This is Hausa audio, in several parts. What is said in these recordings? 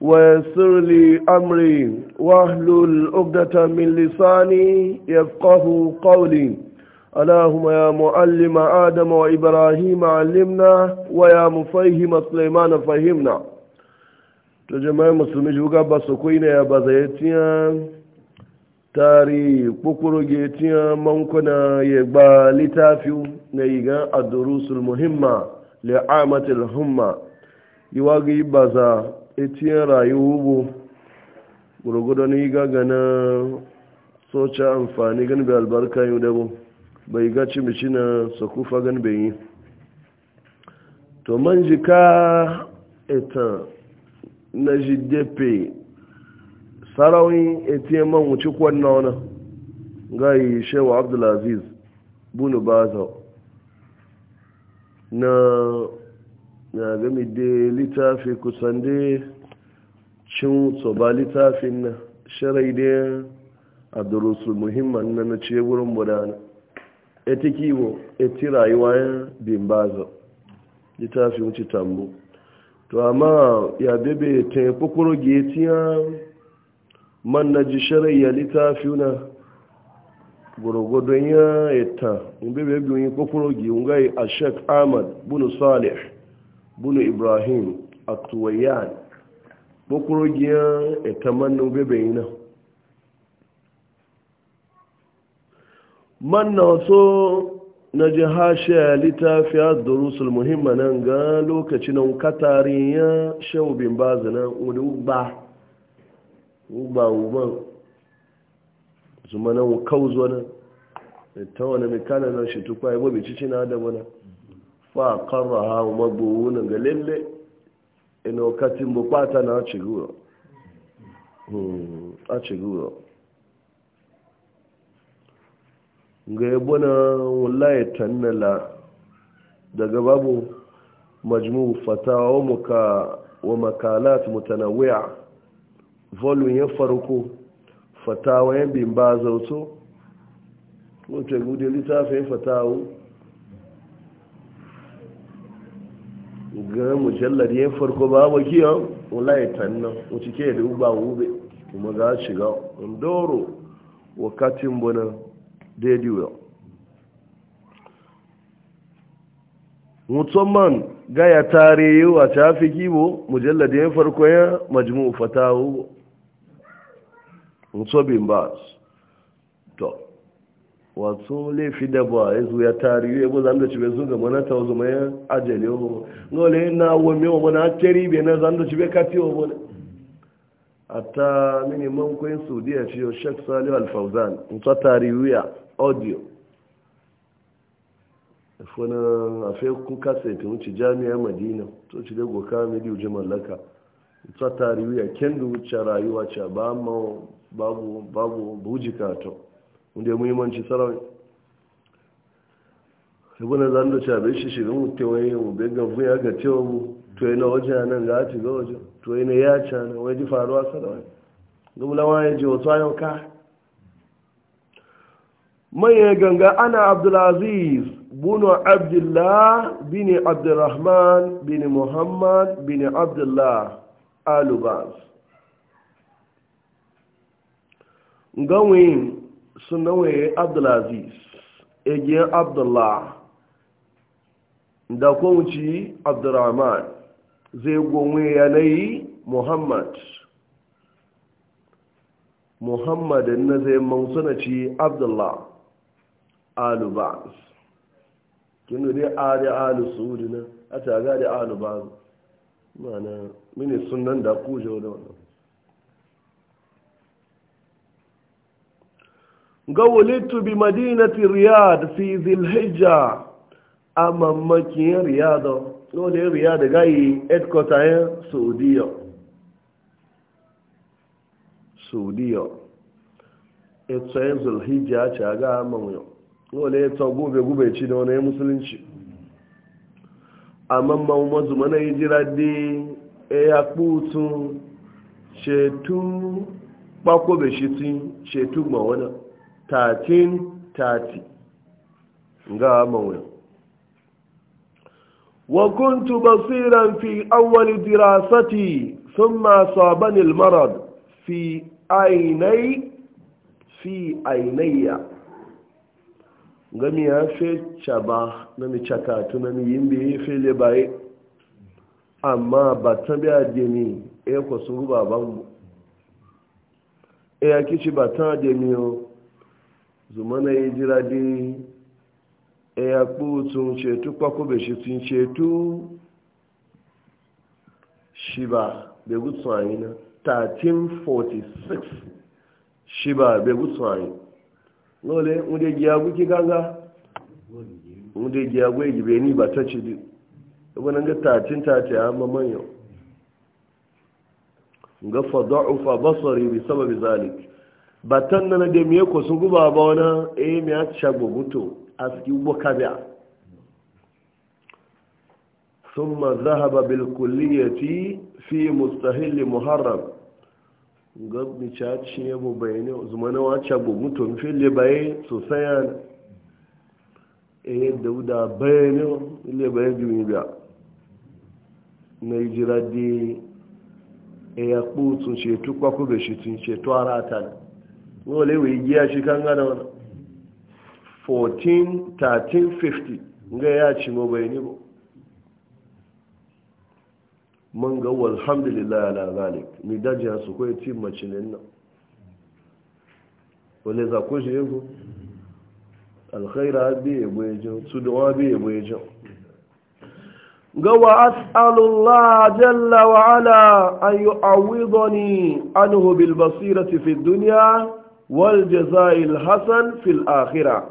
ويسر لي أمري واهلل عقدة من لساني يفقه قولي اللهم يا معلم آدم وإبراهيم علمنا ويا مفهم سليمان فهمنا تجمع مسلمي جوغا بسكوين يا بزيتيا تاري بكرو جيتيا منكنا يبا لتافيو نيغا الدروس المهمة لعامة الهمة يواغي بزا etiyan rayuwa bu gurgudu ni ga na socha amfani gani bai albarka yi dabo bai gaci mici na sakufa gani bai yi to man jika ita na jidepe sarawin etiyan man wuce kwanna ga yi shewa abdulaziz bunu baza na na gami da littafi kusan da cin tsoba littafin na sharai da abdurusul muhimman na na ce wurin budana eti kiwo eti rayuwa ya bimbaza wuce tambo to amma ya bebe ta yi kukuru getiya man na ji sharai ya littafi na gwargwadon ya yi ta bebe biyu yi kukuru gi ungayi a sheik ahmad bunu salih bunu ibrahim a tuwayan bukurogiyar etamannin bebeyi nan man na so na ji hashe littafi a durusul muhimma nan ga lokaci na katarin ya shaubin bazi nan wani ba ba uban zuma nan kawo zuwa nan ta wani mekana nan shi tukwa ya bobe cici na adamu na. fa karra ha mabu wuna ga lalle ina katin bukata na ciguro a ciguro hmm, ga yabo na wulaye tannala daga babu majmu fatawa muka wa makalat mutanawi'a volume ya farko fatawa ya bimba zautu wato gudu littafin fatawa ga mujallar yin farko ba wa giya wulai tannan wuce ke da uba wube kuma za a shiga ndoro wakatin bana daidai wa musamman gaya tare wa ta fi gibo mujallar yin farko ya majmu fatawu musobin ba to wasu laifi da ba ya tari ya zan da ci mwana zo ga ta wazo mai ajali o ngole na wa mi wa cheri be na zando da ci kati o bona ata mini man ko insu dia chiyo ci shek salih al fawzan in tari ya audio fona afe ku kase tun jami'a madina to ci da ka mi di mallaka in ta tari ya kendo wuce rayuwa cha bamo babu babu bujikato to inda muhimmanci sarawai na zan da cabe shi shiga mutewaye mu bai gafu ya ga cewa mu to yi na waje a nan ga a ciga waje to yi na ya ci a nan waje faruwa sarawai gumulawa ya ji wasu ayon ka manyan ganga ana abdulaziz bunu abdullah bini abdulrahman bini muhammad bini abdullah alubas gawin suna waye abdulaziz egiyar abdullah da kwanci abdurrahman zai gome yanayi muhammad muhammad na zai mansuna ci abdullah alubaz kinu dai ari alu suudi na a taga da alubaz mana mini sunan da kujo da wannan ga bi madinati riyad fi ama a riyado riyada lole riyada gayi headquarter yin saudiya saudiya ita yin zulhijja ce a ga mamayo lole ita gube gube ci da wani musulunci ama ma mazu mana yi di e ya kutun shetu bakobe shi tun shetu ma 1330 ga basiran وكنت بصيرا في أول دراستي ثم أصابني المرض في عيني في عيني gami ya fi caba na mi cakatu na mi yin biyi fi libaye amma ba ta biya demi e ku ruba e ba ta o zumana yi jira di eya kpo tun cetu kwakobe shi tun cetu shiba begu tun anyi na 1346 shiba begu tun anyi lole nde giyagu ki ganga nde giyagu egibe ni bata ci di wani ga 1330 a mamayo ga fadu'ufa basari bi sababi zalik batan nana da miye ko sun guba ba wani eh mi ya shago mutu a cikin ugbo kabiya sun ma zahaba bilkuliyati fi mustahil muharram cha ca ne bo bayani zumana wa shago guto mi fili baye sosai sayan eh dauda bayani ile bayan juni ba. na jira di eya eh, tukwa ceto kwakwube shi tun ceto ara ta wale wai giya shi kan gada wani 14,1350 ga ya ci ma bai ne ba man ga walhamdulillah ala zalik mi dajiya su kawai ci macinin nan wale za ku shi yau alkhaira bi ya e bai e jin su dawa bi ya e bai jin ga wa as'alullah jalla wa ala an yu'awwidani anhu bil basirati fi dunya waljazail hasan fil akhira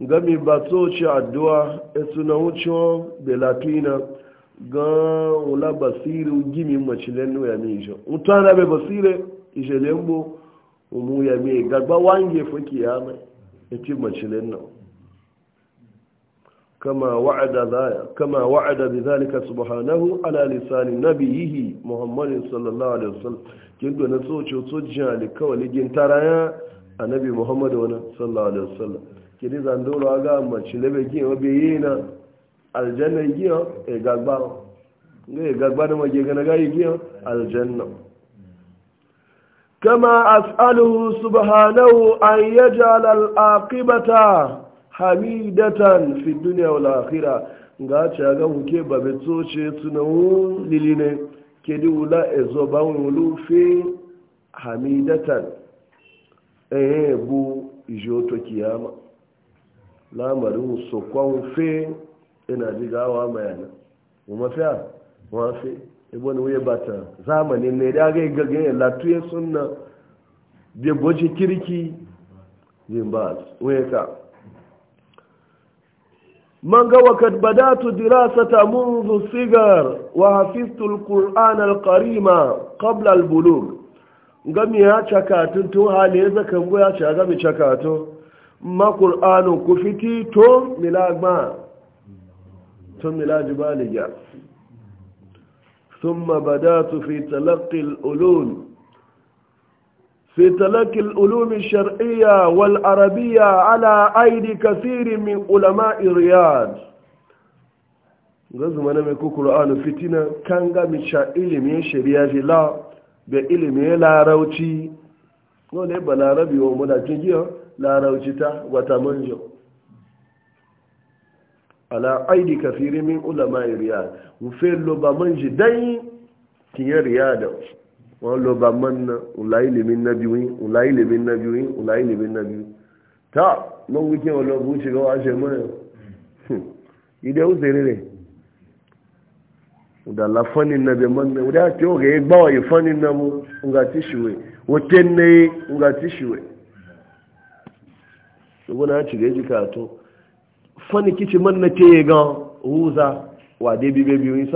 gami ba ci addu'a e suna wuce da latina ga ola basire gimi machilenu ya mi utana be basire ijelen bo umu ya mi gagba wange fuki ya mai eti machilenu nan كما وعد ذا كما وعد بذلك سبحانه على لسان نبيه محمد صلى الله عليه وسلم كنت نسوچ سجا لكولي جنترايا annabi muhammadu wani sallallahu alaihi wasallam kini zandoro ga mace labe giya wabe yi na aljanna gina e gagba ne e gagba da mage gana gayi gina aljanna kama as'aluhu subhanahu an yaj'al al-aqibata hamidatan fi dunya wal akhirah ga ta ga muke babe tsoce tunawu liline kedi wula ezo bawun lufi hamidatan eh bu ijoto kiyama lamarin su kwanfe ina jigawa mayana kuma fiya wafe ibon wuya bata zamanin ne da ga gaggayen latuye sunna da gwaji kirki yin ba wuya ka من وقد dirasata sigar wa الصغر وحفظت القرآن Karima قبل البلوغ gami ya cakatun tun hali ya zaka ya ce a gami cakatun makur'anun ku fiti tun milagma tun milaji baligya sun mabadatu fi talakil ulun fi talakil ulun shar'iyya wal arabiya ala aidi kasiri min ulama iriyad ga zumanamai ku kur'anun fitina kan gami sha ilimin shari'a fi la'a da ilimin larauci wani ba larabi wa mulakin giya larauci ta wata manjo ala aidi kafiri min ulama riyad mufe loba manji dai tiye riyad wọn loba manna ula ilimin na biyu ula ilimin na biyu ula ilimin na biyu ta mun wike wa lobu shiga wa ashe mana hm. idan zere ne da la fanin na be manna da ti o ge gba wa fanin na mu nga ti shiwe o tenne nga ti shiwe so bona ci ge ji ka to fani kici manna te ga huza wa de bi be bi wi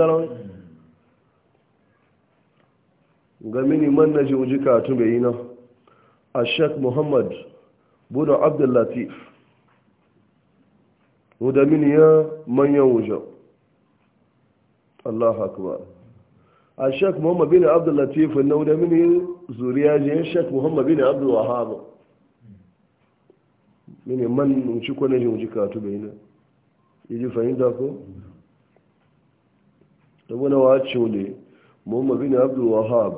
ga mini manna ji wuji uji ka yi na a shek muhammad bunu abdul latif o mini ya manyan wujan Allah akbar a sheikh muhammad bin abdul latif na wuda mini zuriya je sheikh muhammad bin abdul wahab mini man ci katu bai na fahimta ko wani muhammad bin abdul wahab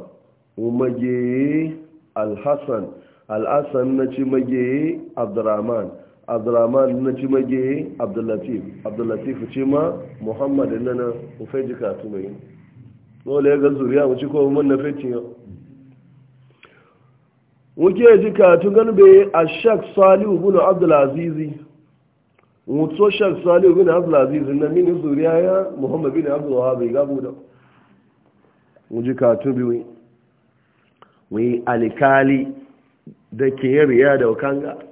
umage al-hassan al-hassan na ci mage abdurrahman abdulrahman na ci mage abdullatif abdullatif ce ma muhammad na na ufe ji katu mai dole ya ga zuriya mu ci kowa na fetin yau wuke ji katu gan be a shak salihu bin abdulazizi mutu shak salihu bin abdulazizi na mini zuriya ya muhammad bin abdulwahab ga buda mu ji katu biyu mu yi alikali da ke yariya da wakanga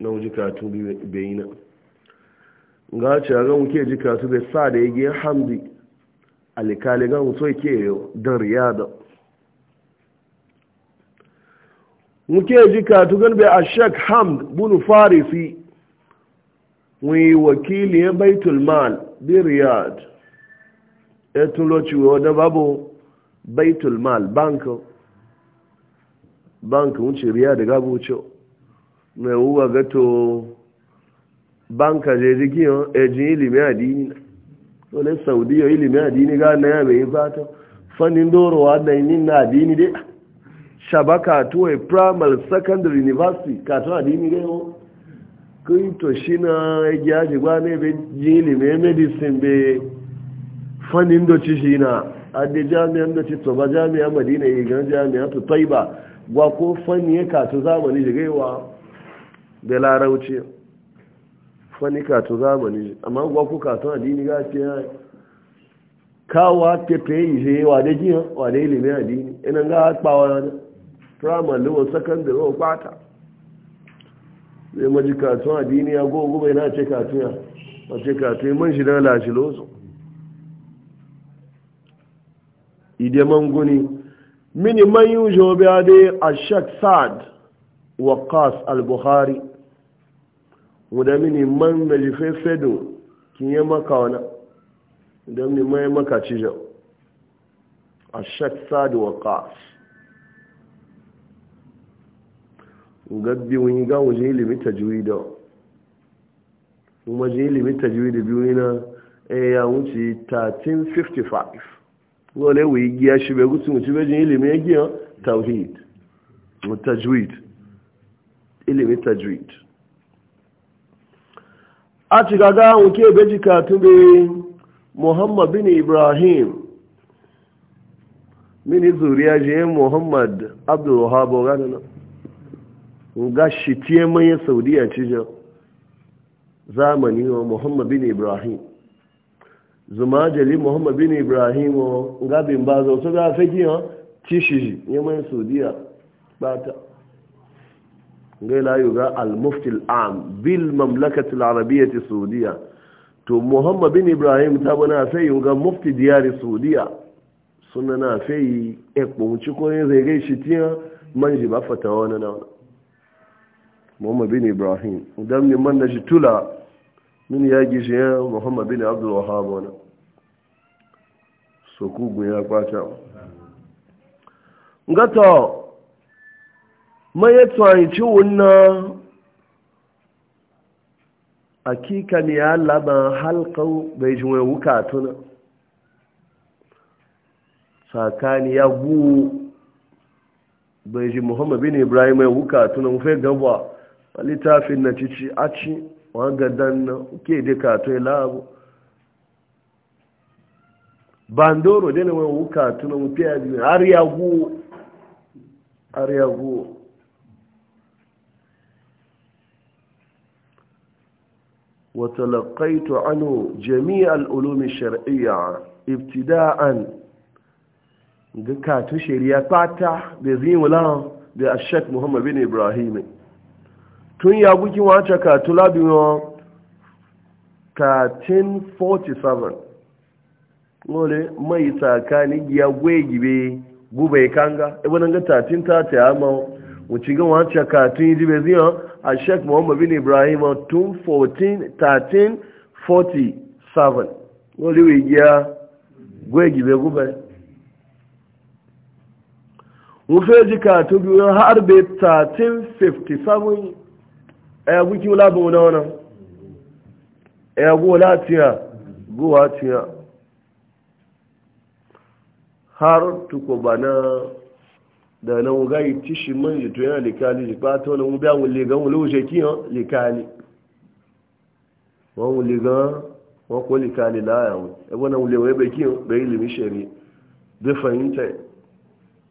na wuji katu bai na ga ce ga muke ji katu bai sa da ya yage hamdi alikali ga mutu ke don riyada muke ji katu gan bai shek hamd bunu farisi wi wakili ya baitul mal bi riyad ya tulo ci wo da babu baitul mal banko banko wuce riyad ga bucho mai wuwa gato banka je jikin ejin ilimin adini wani e saudiya ilimin adini e ga na ya yi fata fannin dorowa da na adini e primal secondary university kato shi na ji medicine shi na jami'an ci jami'an madina jami'an gwa ko fannin ya kato zamani jigaiwa da larauci fani katon zamani amma gwa ku katon adini ga ce ya kawo pepe yi ṣe wà dé jíyàn wà dé ilẹ̀ mẹ́rin adini ina ga pàwọ́ rẹ̀ primary lówó secondary ó pàtà zai maji katon adini ya gogo bai na ce katon ya a ce katon man shi na lashe lozo idi man guni mini man yi ujo biya dai a shek sa'ad waqas al-bukhari mudamini man na jife fedun kin yi maka wani mudamini man ya maka cijo a shak sadu wa kas gabbi wani ga wajen ilimin tajwida wajen ilimin tajwida biyu na e ya wuce 1355 wale wuyi giya shi bai gutsun wuce bejin ilimin ya giya tawhid tajwid ilimin tajwid a ci gaga nke beji katube muhammad bin ibrahim mini zuriya je muhammad abdul wahab gana na ga shi tie mai saudiya cijin zamani wa muhammad bin ibrahim zuma jali muhammad bin ibrahim wa gabin ba zo su ga fegi ha ci shi ya mai saudiya bata ngai layu ga al-muftil am bil mamlakatil arabiyyati saudiya to muhammad bin ibrahim ta bana sai yuga mufti diyari saudiya sunna na sai ekpo mu ciko ne zai gai shi tiya man ji ba fata wani na muhammad bin ibrahim dan ne man na shi tula min ya gi shi muhammad bin abdul wahhab wani so ku ya kwata ngato maye tsanci wannan akika ne ya laban halkan bai ji wani wuka tuna tsakani ya gu bai ji muhammad bin ibrahim mai wuka tuna mafi gaba a littafin na cici a ci wanga dan na ke dika to yi labu bandoro dina wani wuka tuna mafi har ya gu har ya gu وتلقيت عنه جميع العلوم الشرعية ابتداء كاتو شريعة باتا بزين ولا بالشك محمد بن إبراهيم tun ya buki wata ka tula biyu 1347 wale mai tsakani ya gwe gibe gube kanga ibanin ga 1330 ya ma wuce ga wata ka tun yi jibe ziyan a shek muhammad bin ibrahim uh, tun 1447 wọ́n léwé gíá gwegi bai gube wufe jika to biyu har bai 1357 ya guki wula ba wuna wana ya guwa latiya guwa tiya har tukubana da nan ga yi tishi man ji tuyan likali ji fata wani mu biya wule gan wule wuce kiyan likali wọn wule gan wani ko likali laya wani ebe na wule wai bai kiyan bai yi ilimi shari bai fahimta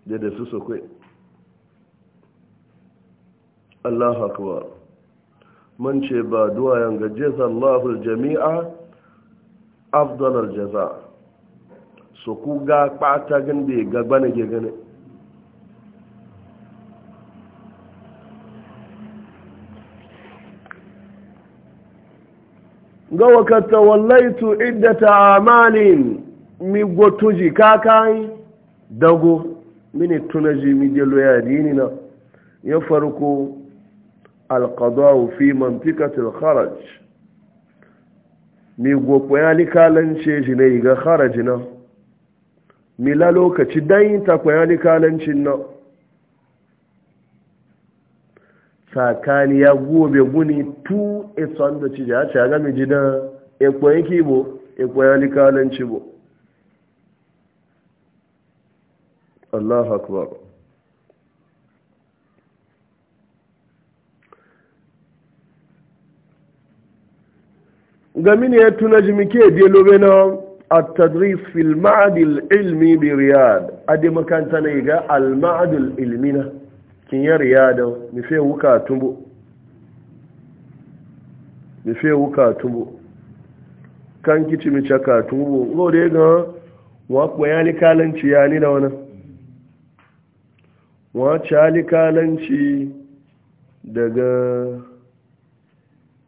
da da su sokwai Allah akbar man ce ba duwa duwayen ga jazallahu jami'a afdalar jaza su ku ga kpata gan bai gaba na gane ga wakata wallaitu iddata amalin mi gotuji kakai dago mini tunaji mi jelo ya dini na ya farko alqadau fi mantiqati alkharaj mi ya likalance shi ne ga kharaj na mi la lokaci dan ta ya likalancin na sakani ya gobe guni tu etsan da ci jace ga mi jina ekwai ki bo ekwai alikalanci bo Allahu akbar ga mini yato na jimi ke belo beno a tadris fil ma'adil ilmi bi riyad a makanta na al ma'adil ilmina kin yi da mife wuka tumbo mife wuka tumbo kan kici mi caka tumbo ngo de ga wa ya ni kalanci ya ni da wani wa cha ni kalanci daga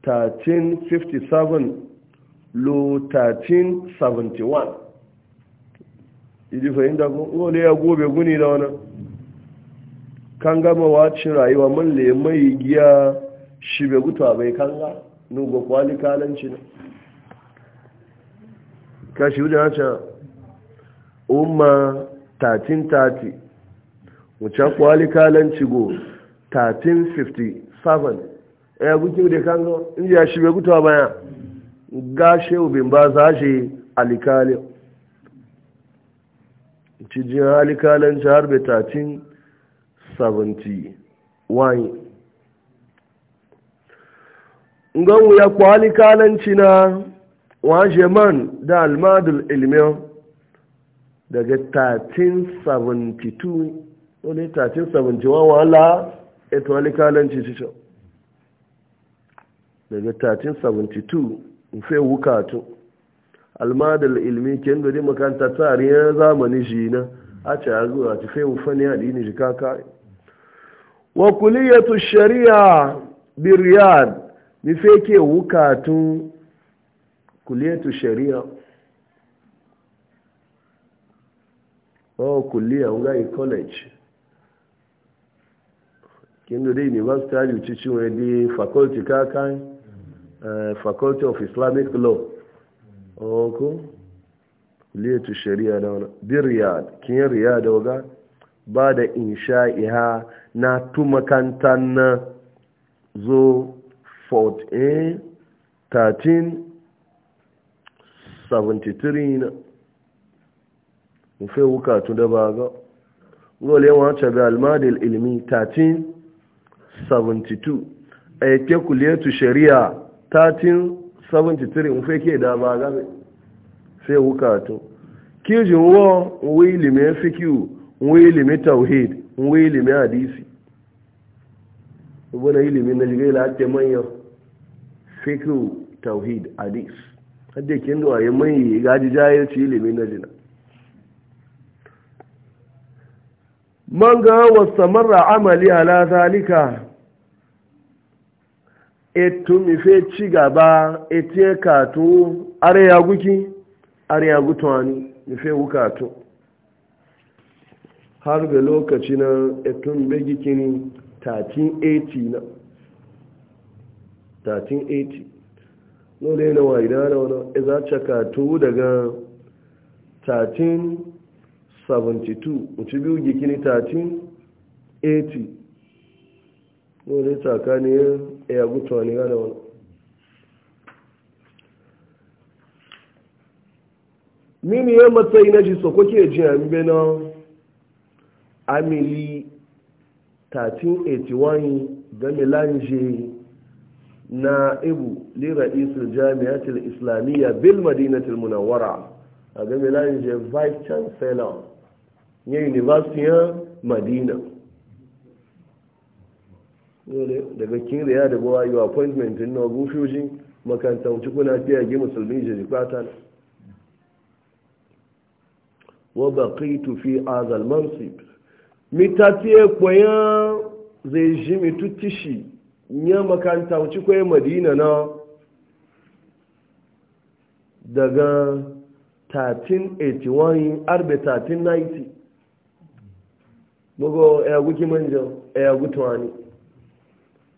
1357 lo 1371 idi fahimta ko ngo ya gobe guni da wani kan gama wacin rayuwa mun le mai giya shi bai gutu bai kan ga nugo kwali kalanci ne ka shi wuce hancin umma 1330 wuce kwali kalanci go 1357 ya gutu da kan ga inda shi bai gutu baya gashe ubin ba za shi alikalin cijin alikalanci har bai 13 71 ngan ya kwali kalanci na wa jeman da almadul ilmiyo daga 1372 wani 1371 wala eto wali kalanci cikin daga 1372 nfe wukatu almadul ilmi ken gode makanta tsari ya zamani shi na a ce a zuwa ci fe wufani a dini shi kakai wa kuliyatu shari'a bi riyad mi feke wukatun kuliyatu shari'a o kuliya nga yi college kendo dai university ali uchichi we di faculty kakan, eh, faculty of islamic law oko kuliyatu shari'a da wala bi riyad kin riyad oga ba da insha'iha na tumakantan na zo 14 73 na mufe wukatu da ba ga gole wacce ga almadil ilmi 1372 a yake kuletu shari'a 1373 mufe ke da ba ga sai wukatu kijin wo wili mai fikiyu wai ilimi tauhid wai ilimi hadisi wani ilimin na jigai lafiya manyan fikir tauhid hadis hadde kin da waye mai gaji jahilci ilimi na jina man ga wasamarra amali ala zalika etu mi fe ci gaba etie katu are ya guki are ya gutwani mi fe wukatu har da lokaci na etun begikini 1380 na 1380 nole na waida na wani iza cakatu daga 1372 mutu biyu gikini 1380 nole tsakanin ya gutuwa ne gada wani mini ya matsayi na shi so kuke ji a mbe na amili 1381 ga melange na ibu lira'isul jami'atul islamiyya bil madinatul munawwara a ga lanje vice chancellor ne university madina dole daga kin ya da bawa yi appointment din na gufushi makanta wuce kuna fiye ga musulmi jirgata wa baqitu fi azal mansib mitatiye kwaya zai ji mitutishi ya makanta wuce kwaya madina na daga 1381 arbe 1390 mugo ya e guki manja ya e ni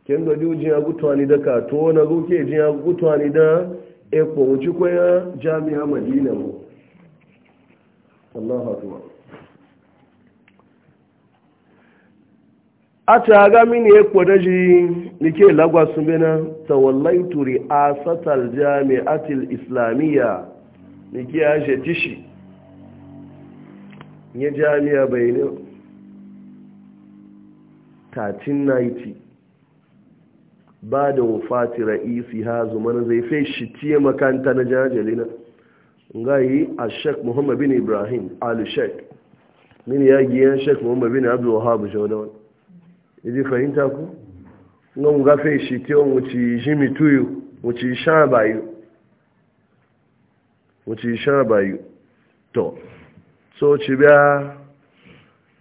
kin ga jujin ya ni da kato na guke jin ya ni da ekwo wuce kwaya jami'a madina mu Allah hatuwa. a aga mini ya kwada ji nike lagwa su bina tawallaitu ri'asatal jami'atil islamiyya nike ya she tishi nye jami'a bai ne 1390 ba da wufati ra'isi hazu mana zai fai shi tiye makanta na jajalina Nga yi a sheik muhammad bin ibrahim alu sheik min ya giyan sheik muhammad bin abdul Wahabu, shaudawan yaji fahimta ku nan gafe shi tiyo wuce shi mituyu wuce shan bayu wuce sha bayu to so ci biya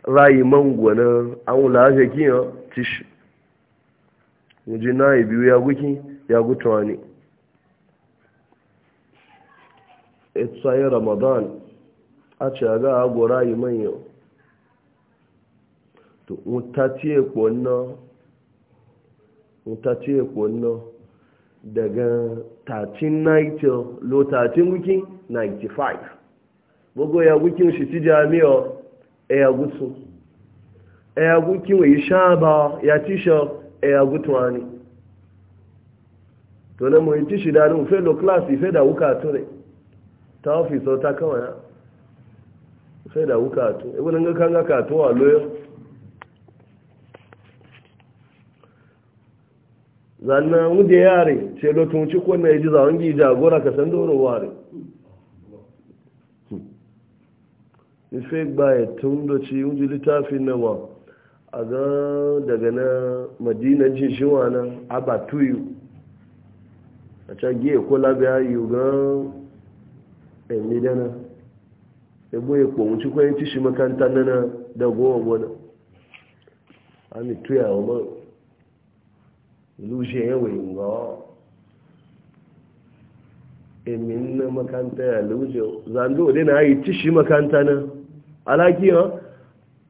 rayi mangwana an wula ake kiyan tishi wuje na biyu ya guki ya gutuwa ne etsayin ramadan a ce ga agora yi manyan to mutati ekpo nno mutati ekpo daga lo 13 wiki 95 gbogbo ya wikin shi ti jami'o ya gutu ya wikin wai shaba ya tisho ya gutu ani to na mu tishi da nu fe lo class fe da wuka to ne ta office ta fe da wuka e wannan zanna wunde yare ce lotun ci ko na yaji zawon gi jagora ka san doro ware ni fe gbaye tun do ci wunji littafin na wa a ga daga na madina jin shiwa na abatuyu a can giye ko labiya yi ga emidana eh, dana ebo ekpo wunci ko yanci shi makanta nana da goma gona ami tuya wa luje yawai ga emin na makanta ya luje zando da na yi tishi makanta na ala alaki ha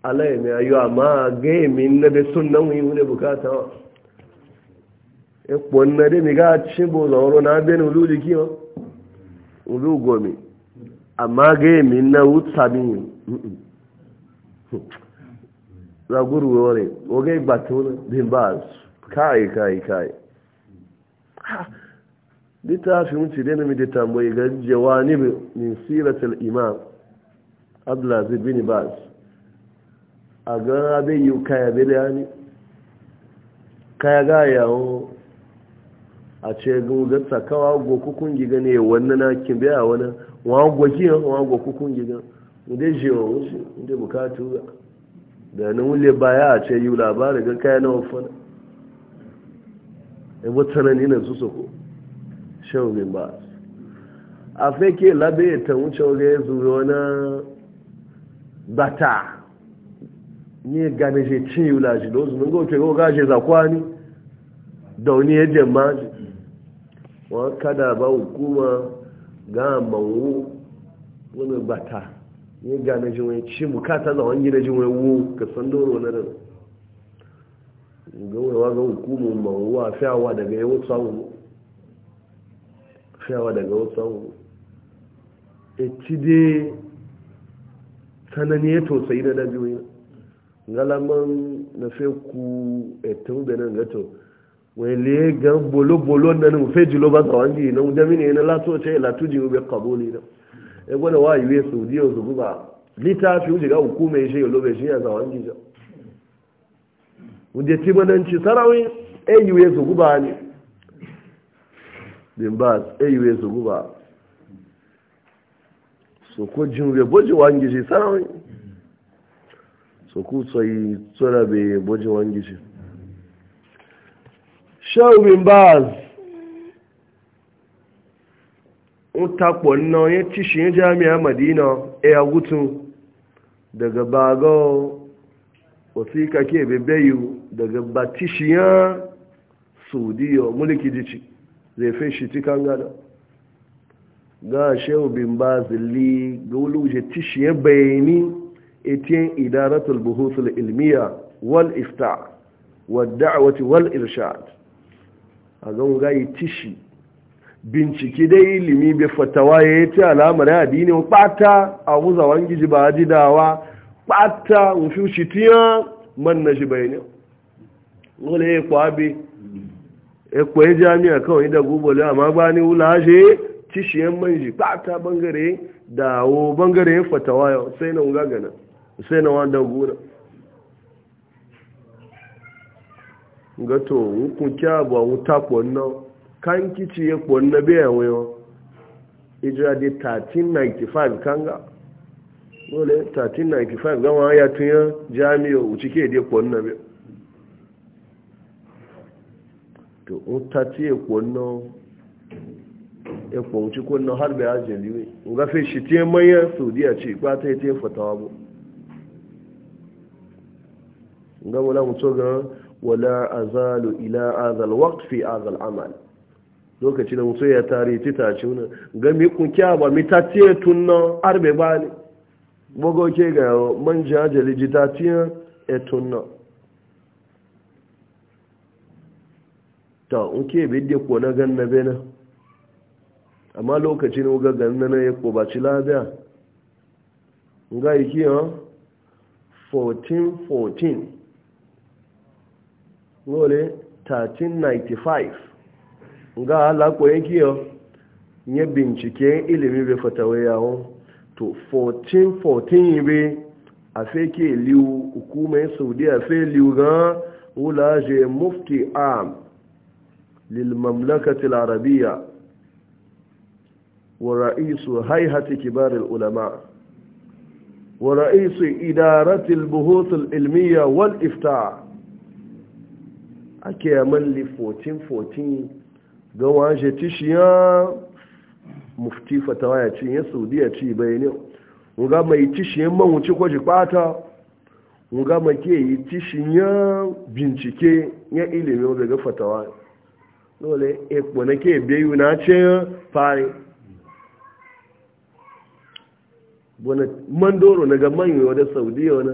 alaye mai ayo amma ga emin na da sunan wuyi wune bukata wa ikpon e na da mi ga cibo zauro na abin ulu jiki ha ulu gomi amma ga emin na wutsabi zagurwa ne oge gbatun zimbabwe kai kai kai littafin ci dena mi da tambayi ga jawani min siratul imam abdulaziz bin baz a ga abin yi kaya yani kaya ga yawo a ce ga sakawa goku kungi gane wannan na kimbe a wani wa goki wa goku kungi gane inda jewa wuce inda bukatu da nan wule baya a ce yi labarin ga kaya na wafana e eh, tsanani na su soko shan ba a fake labe ta wuce wajen ya zuwa wani bata ne gane shi cin yi wulaji da wasu nungo ke goga zakuwa zakwani da wani ya jemma ji wani kada ba hukuma ga mawu wani bata ne gane shi wani ci bukata za wani gina je wani wu ka san doro na rana gaurawa ga hukumar mawuwa fiyawa daga yawon tsawon fiyawa daga yawon tsawon eci dai tsanani ya tosai na dabiyoyi galaman na fe ku etun da nan gato wele gan bolo-bolo na nan fe jilo ba tsawon ji na wujami ne na lato ce latu ji ube kaboli na ebe na wa yiwe saudiya su guba littafi wuce ga hukumar shi yalo bai shi ya tsawon ji jau wanda ci mananci sarawin ayyuwe su guba ne bin ba ayyuwe su guba so ko jinwe boji wangiji sarawin so ku tsoyi tsorabe boji wangiji shehu bin baz un takpo nna shi ya jami'a madina e agutun daga bago wasiƙa ke bebeyu daga batishiyar saudiya mulki dici zai fi shi cikin gada ga shehu bin bazili ga wuluje tishiyar bayani etiyan idaratul buhutul ilmiya wal ifta da'awati wal irshad a zan gayi tishi binciki dai ilimi bai fatawa ya yi ta alamar yadi ne ɓata a wuzawan giji ba dawa pata nfi shitiya man na shi bayani wala ya kwabe ya kwaye jami'a kawai da gubole amma ba ni wula shi tishiyan manji pata bangare da wo bangare ya fatawa yau sai na gagana sai na wanda gura gato hukun kyabu a wuta kwanna kan kici ya kwanna biya wayo ijira de 1395 kanga dole 1395 gama ya tunya jami'a wuce ke dai kwan na biyu to in ta ce kwan na ya kwanci kwan na har bai ajiyar liwe in gafe shi te manyan saudiya ce ba ta yi te fatawa bu gama na mutu ga wala azalu ila azal waqt fi azal amal lokaci da mutu ya tare ta tace wani ga mi kun kya ba mi ta ce tun nan har bai ba ne gbogbo ke ga man jajali jitatiyan etunna ta nke bidde ko na ganna bena amma lokacin ga ganna na ya ko ba ci labiya nga iki ha 1414 ngole 1395 nga ala iki ha nye bincike ilimi be fatawa yawon to 14-14 yibe a sai ke liu hukumar saudi a sai liu gan wulaje mufti am lilmamlakatil arabiya wa ra'isu haihati kibarar ulama wa ra'isu idaratil buhotul ilmiya wal ifta ake yaman li 14-14 ga waje tishiyar mufti fatawa ya ci ya saudiya ci bayani nga mai tishiyan man wuce kwaji kwata nga make yi tishiyan bincike ya ilimin daga fatawa dole ekpo na ke biyu na ce fari man na ga man yiwa da saudiya wani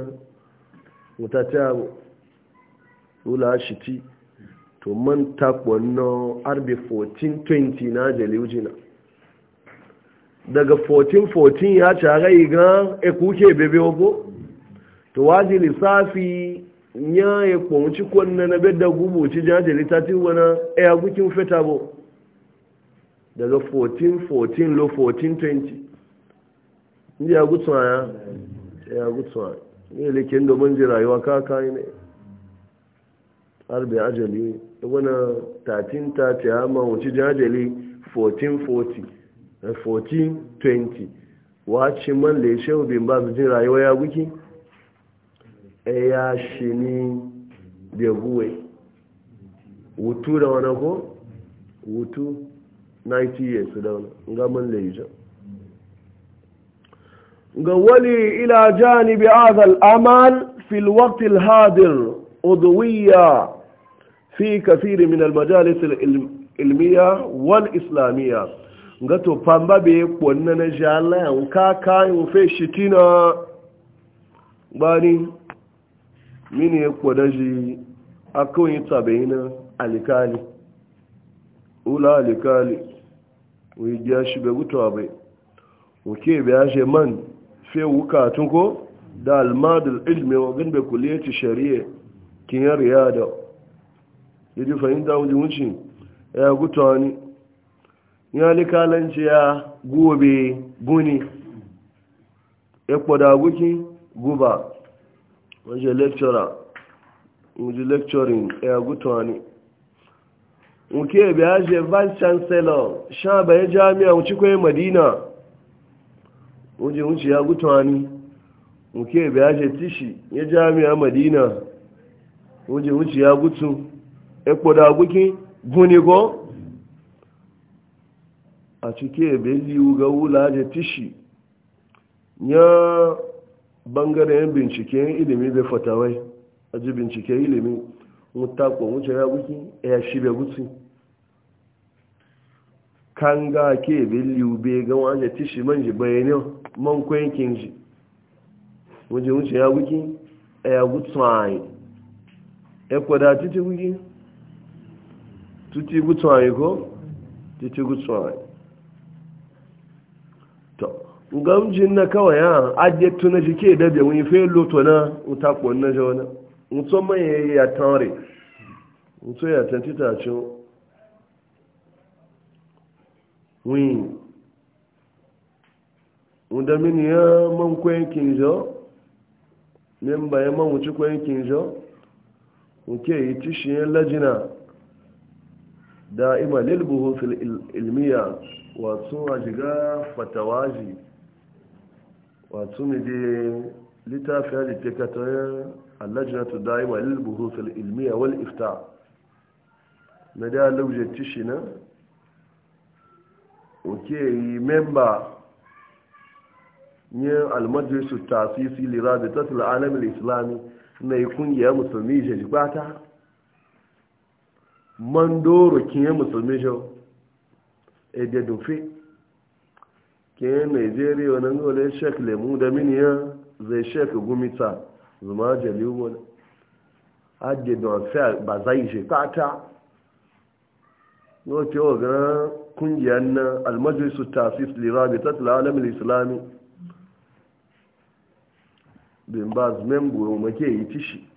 mutata rula shiti to man takwa na rb 1420 na jeliujina daga 1414 ya cara igan ekuke bebe ogo to waje lissafi ya ya kwanci kwanan na bedda gubuci jajen littafin wani e ya gukin feta bo daga 1414 lo 1420 ndi ya gutsu aya e ya gutsu aya ne likin domin ji rayuwa kaka ne harbe ajali wani 1330 ya mawuci jajali 1440 1420 wacin man da ya shehu bin ba su jin rayuwa ya guki A e, ya shi ni da huwe wutu da wani ko wutu 90 years da wani ga man da ya ga wani ila janibi azal amal fil waqtil hadir udwiya fi kathiri min al majalis al ilmiya wal islamiyya nga to pamba be kwanna na jala yan ka kayan fe shitina bani mini ya e kwana ji akwai tabe alikali ula alikali wai biya shi be gutuwa bai wuke biya shi man fe wukatun ko da almadul ilmi wa gan be kuliyati shari'a kin yariya da yaji fahimta wajen wucin ya gutuwa ni ya likalanci ya gobe guni ekpoda kwada guki guba wajen lecturer wajen lecturing ya nke bi aje vice chancellor sha bayan e jami'a wuce madina wajen wuce ya gutuwa nke bi aje tishi ya e jami'a madina wajen wuce ya gutu ekpoda kwada guki guni go a cike beli ga wula da tishi ya bangaren binciken ilimi bai fatawai a ji binciken ilimi mutakwa wuce ya guki ya shi bai gutsi kan ga ke beli bai ga wajen tishi man ji bayanin man kwankin ji wajen wuce ya guki ya gutsi ya kwada titi guki tuti gutsi ko titi gutsi gamjin na kawai ya ajiye na shi ke dabe wani fe loto na utakwo na wani mutum mai ya tare mutum ya tanti ta ce wani wanda mini ya man kwayan jo memba ya man wuce kwayan jo nke yi tishiyen lajina da da'ima lilbuhu fil ilmiya wato a shiga fatawaji wato ne je littafi ya littafi katayen allajinatu daima lilbuhusul ilmiya wal ifta na da lauje tishi na oke yi memba yin almajalisu lira da tattal alamin islami na yi kungiyar musulmi shi bata mandoro kinye musulmi shi ede dofe ke nigeria wani ngole shek lemu da miniya zai shek gumita zuma jeli wani adi don fe ba zai je tata yau ce wa gana kungiyar na almajalisu tasis lirabi tattala alamin islami bin ba zumen goyo make yi tishi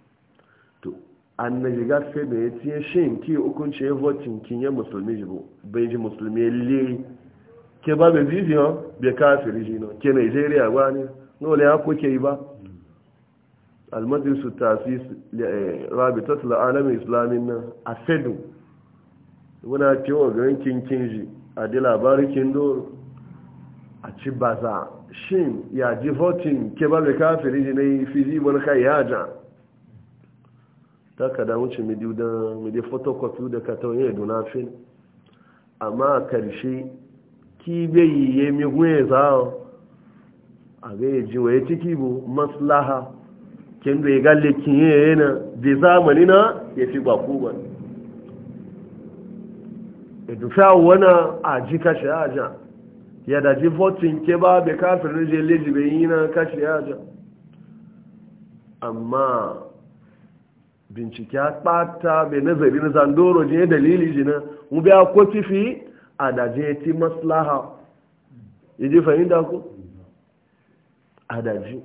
annabi gafe da ya tiye shin ki ya votin kin ya musulmi jibo bai ji musulmi le ke ba bai ji be bai kafiri ji no ke Nigeria ba ne no le ya kuke yi ba al majlis tasis eh, rabitat al alam islami na afedu wani ce wa garin kin kin ji a di labarin do a ci baza shin ya ji votin ke ba bai kafiri ji ne fiji wani kai ya ja da wuce midi photocopy da katon yin dunafin amma a karshe ki bai yi mi gwe za a ga yi ji waye ciki bu maslaha kin da ya galle kin yi yana da zamani na ya fi baku ba edufa wana a ji kashe aja ya da ji votin ke ba bai kafin rijiyar lejibe yi na kashe aja amma bincike ya ɓata bai nazari na zandoro jin dalili jina mu biya ko tifi a da ti maslaha ya ji fahimta ko a da ji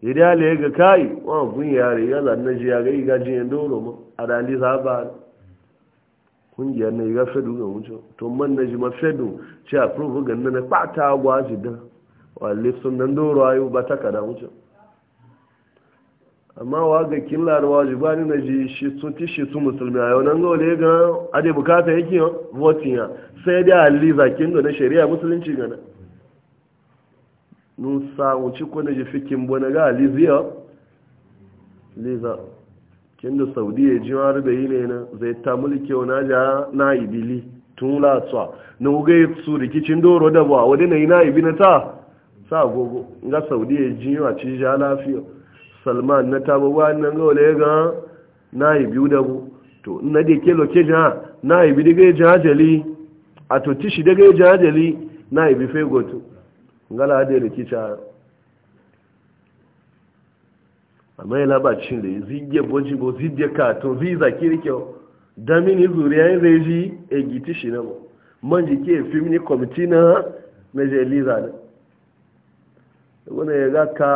ya da ya ga kai wani kun yare ya zanna ji ya ga iga jin doro ma a da ni za ba kungiyar na iga fedu ga wuce to man na ji ma fedu ce a provo ganna na ɓata gwaji da Wa sun nan doro ayo ba ta kada amma wa ga killa da wajibani na ji shi sun ti shi sun musulmi a yau nan ga wale ga ade bukata yake votin ya sai dai zakin da na shari'a musulunci gana nun sa wuci na ji fikin bona ga aliziya liza kin da ya ji wani da yi ne na zai ta mulki wa ja na ibili tun la tsa na uga su rikicin doro da ba wadai na yi na ibi na ta sa gogo ga ya ji wa ci ja lafiya salman na tabo ba nan ga wale ga na yi biyu da bu to na da ke loke jiha na yi bi daga jajali a to tishi daga jajali na yi bi fegoto ngala da rikica amma ila ba cin da zige boji bo zige katon ziza kirkyau damini zuriya yin reji e giti shi na mu man jike ni kwamiti na na jeliza ne wani ya ga ka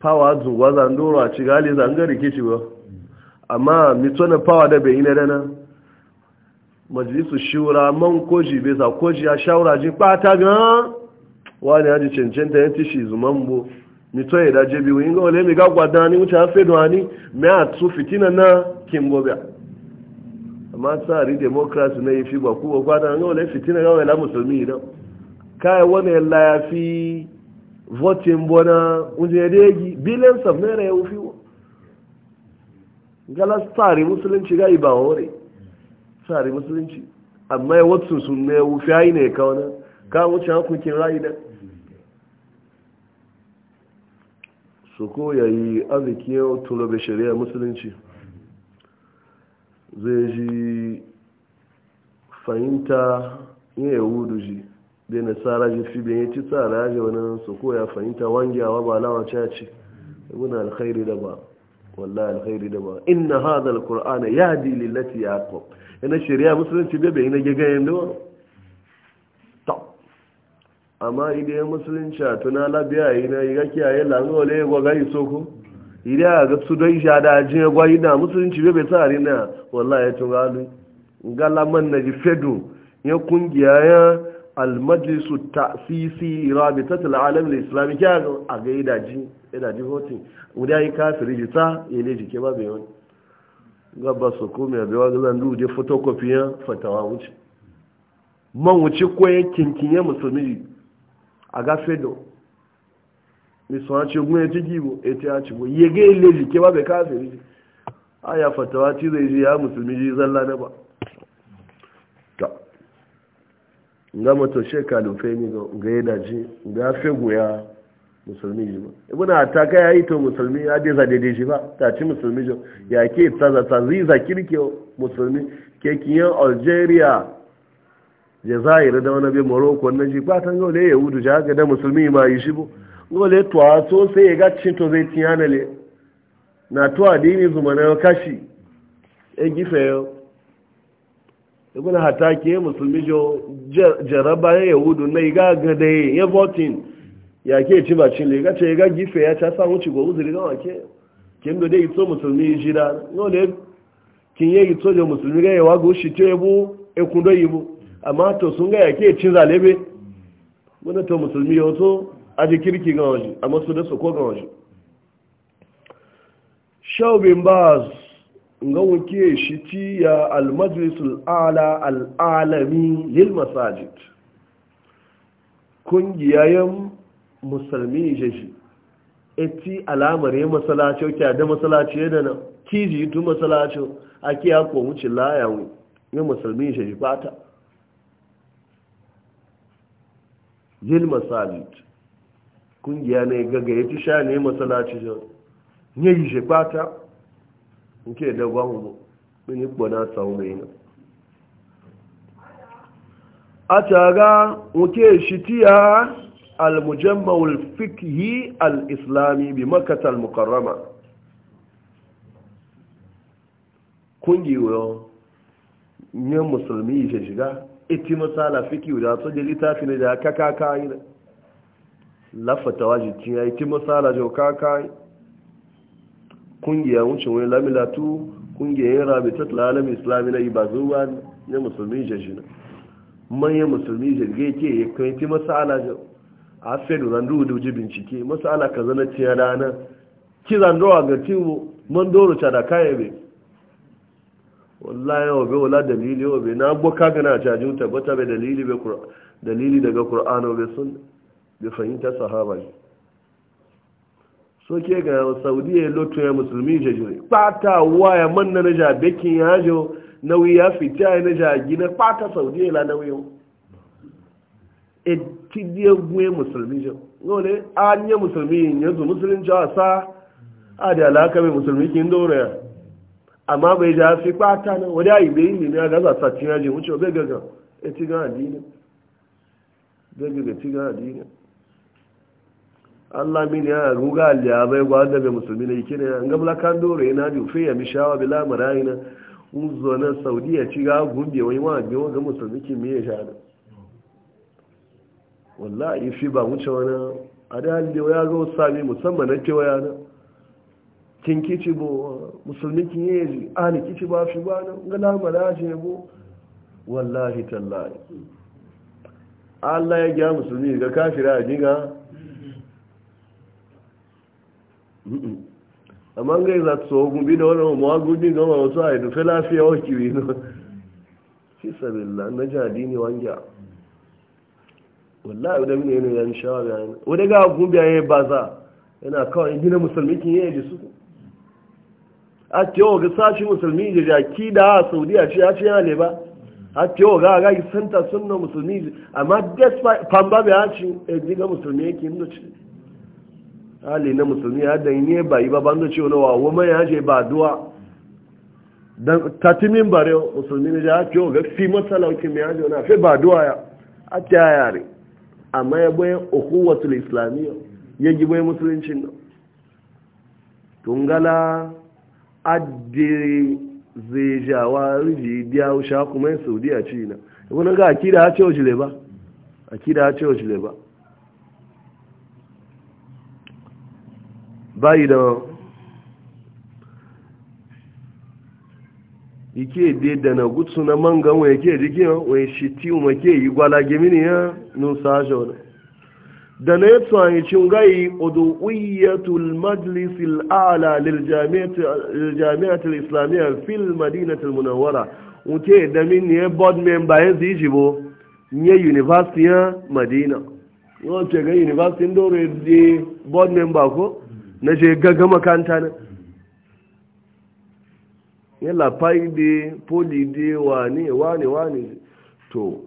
pawa zuwa zandoro a cigali zanga rikici ba amma mitona pawa da bai yi na dana majalisu shura man koji bai sa koji ya shawara ji kpata gan wani haji cancanta ya tishi zuman bo mito ya daje biyu inga wale mi gagwa dani wuce an fedo ani mai a tu fitina na kim gobe amma tsari demokrasi na yi fi ba kuwa kwanan inga wale fitina ga wala musulmi idan kai wani layafi votin bona unjeregi billions of naira ya wufi gala tsari musulunci ga iba hore tsari musulunci amma ya sunsun sun ne wufi ayi ya ka wani ka wuce hakunkin rayu da su ko ya yi arziki yau tulobe shari'a musulunci zai ji fahimta yin yahudu ji bai na tsara jifi bai yi ci tsara ya wani su ko ya fahimta wangewa ba lawa caci ibn alkhairi da ba wallahi alkhairi da ba inna hadha alqur'ana yahdi ya yaqub ina shari'a musulunci bai bai na gagayen ba. to amma idan musulunci a tuna labiya yi na yi gaki a yi langole gwa gari soko idan ga su don a da a gwa yi na musulunci bai bai tsari na wallahi ya tun galu galaman na ji fedu ya kungiya ya almajlisu ta'sisi rabitatul alam al-islami kya a ga idaji idaji hoti wanda yi kafiri jita ile jike ba bayan gaba su kuma bewa zan duje photocopy ya fatawa wuce man wuce koyen kinkinye musulmi a ga fedo mi so ce mu jigi bo ete a ci bo yege ile jike ba be kafiri aya fatawa ci zai ji ya musulmi ji zalla ne ba nga mato shekalu femi ga ya daji ga fegu ya musulmi ji ba ibuna ta kai ya yi to musulmi ya dai daidai ji ba ta ci musulmi ji ya ke tsaza tsaziza kirke musulmi ke kiyan algeria jazair da wani bi morocco na ji kwatan gole ya yahudu ji haka da musulmi ma yi shi bu gole to a so sai ya gacin to zai tiyana le na to adini zuma na kashi e gife yau ibn hataki musulmi jo jaraba ya yahudu na iga gade ya votin ya ke ci ba cin liga ce ga gife ya ta samu ci gobu zuri ga wake kin do dai ito musulmi jira no le kin ye ito jo musulmi ga yawa go shi tebu e kundo yibu amma to sun ga ya ke cin zalebe mun to musulmi yo to aji kirki ga waje amma su da su ko ga waje shaubin baz nga wuke shi ti ya almajlisul ala al'alami lil masajid kungiyayen musulmi jeji eti alamar ya masalacin kya da masalacin da nan kiji tu masalacin Aki ya ko wuce layawu ya musulmi jeji fata lil masajid kungiya ne gaga ya ti sha ne masalacin ne yi shi fata nke da gwamu mun yi kpona sau mai nan a tara nke shitiya al-mujammawul fikhi al-islami bi makatal Kungi wo nye musulmi ishe shiga iti matsala fiki da su da littafi ne da kaka kayi lafata wajicin ya iti matsala jau kaka kayi kungiya wucin wani lamilatu kungiyoyin rabitat lalamin islami na ibazuwa na musulmi jajina manyan musulmi jirge ke ya kwanci masala a fedu zan duhu duji bincike masala ka zana tiya rana ki zan dowa ga tiwo man doro ca da kayan bai wallahi wa bai wala dalili wa bai na boka gana cajin tabbata bai dalili daga wa bai sun bai fahimta sahaba ne soke ga saudiya lotu ya musulmi jajire kpata waya man na naja bekin ya jo nauyi ya fita ya naja gina kpata saudiya la nauyi e ti diya gwe musulmi jo ngole a ya musulmi ya zu musulmin jo asa a da alaka mai musulmi kin dore ya amma bai ja fi kpata na wani ayi bai yi ne ga za sa tiyaje wuce bai gaga e ti ga adini bai gaga ti ga adini Allah min ya ruga alya bai gwa da ga musulmi ne kine an ga mulakan dore yana da fi ya mishawa bila marayina uzo na saudiya ci ga gumbe wai ma ga ga musulmi ki me ya shada wallahi fi ba muce wani adali da ya ga sami musamman na ke waya na kin kici bo musulmi kin yi ali kici ba fi ba na ga lamara je bo wallahi tallahi Allah ya ga musulmi ga kafira jinga amma ga yi su ogun bi da wani mawa gudun gama wasu a idufe lafiya wa kiwi na fi sabilla na jadi ne wanja abu da mini yana yan shawa ga yana wadda ga gumbi a yi baza yana kawai gina musulmi kin yi da su a tewa ga sashi musulmi da jaki da a a ce ya ce yana ba a tewa ga ga santa suna musulmi amma despite pamba a haci ya e ji musulmi yake nuna ce hali na musulmi ya da ne ba yi ba banga ce wani wawo mai ya je ba duwa dan tatimin bare musulmi ne ya ce ga fi matsala ke mai ya je fi ba duwa ya a ta yare amma ya bai ukuwatul islamiyya ya gi bai musuluncin tungala adiri zai jawa riji diya sha kuma yin saudiya ci na wani ga akida ha ce wa ba akida ha ce wa ba bayi da ike de da na gutsu na mangan wa yake jiki wa shi ti ke yi gwala gemini ya nun sajo na da na yi tsani cin gai uduwiyatul majlis al'ala lil jami'at al islamiyya fil madinat al munawwara unke da min ne board member yanzu yi jibo nye university ya madina ce ga university de board member ko na je gaga makanta na yalla lafai de poli de wani wani wani to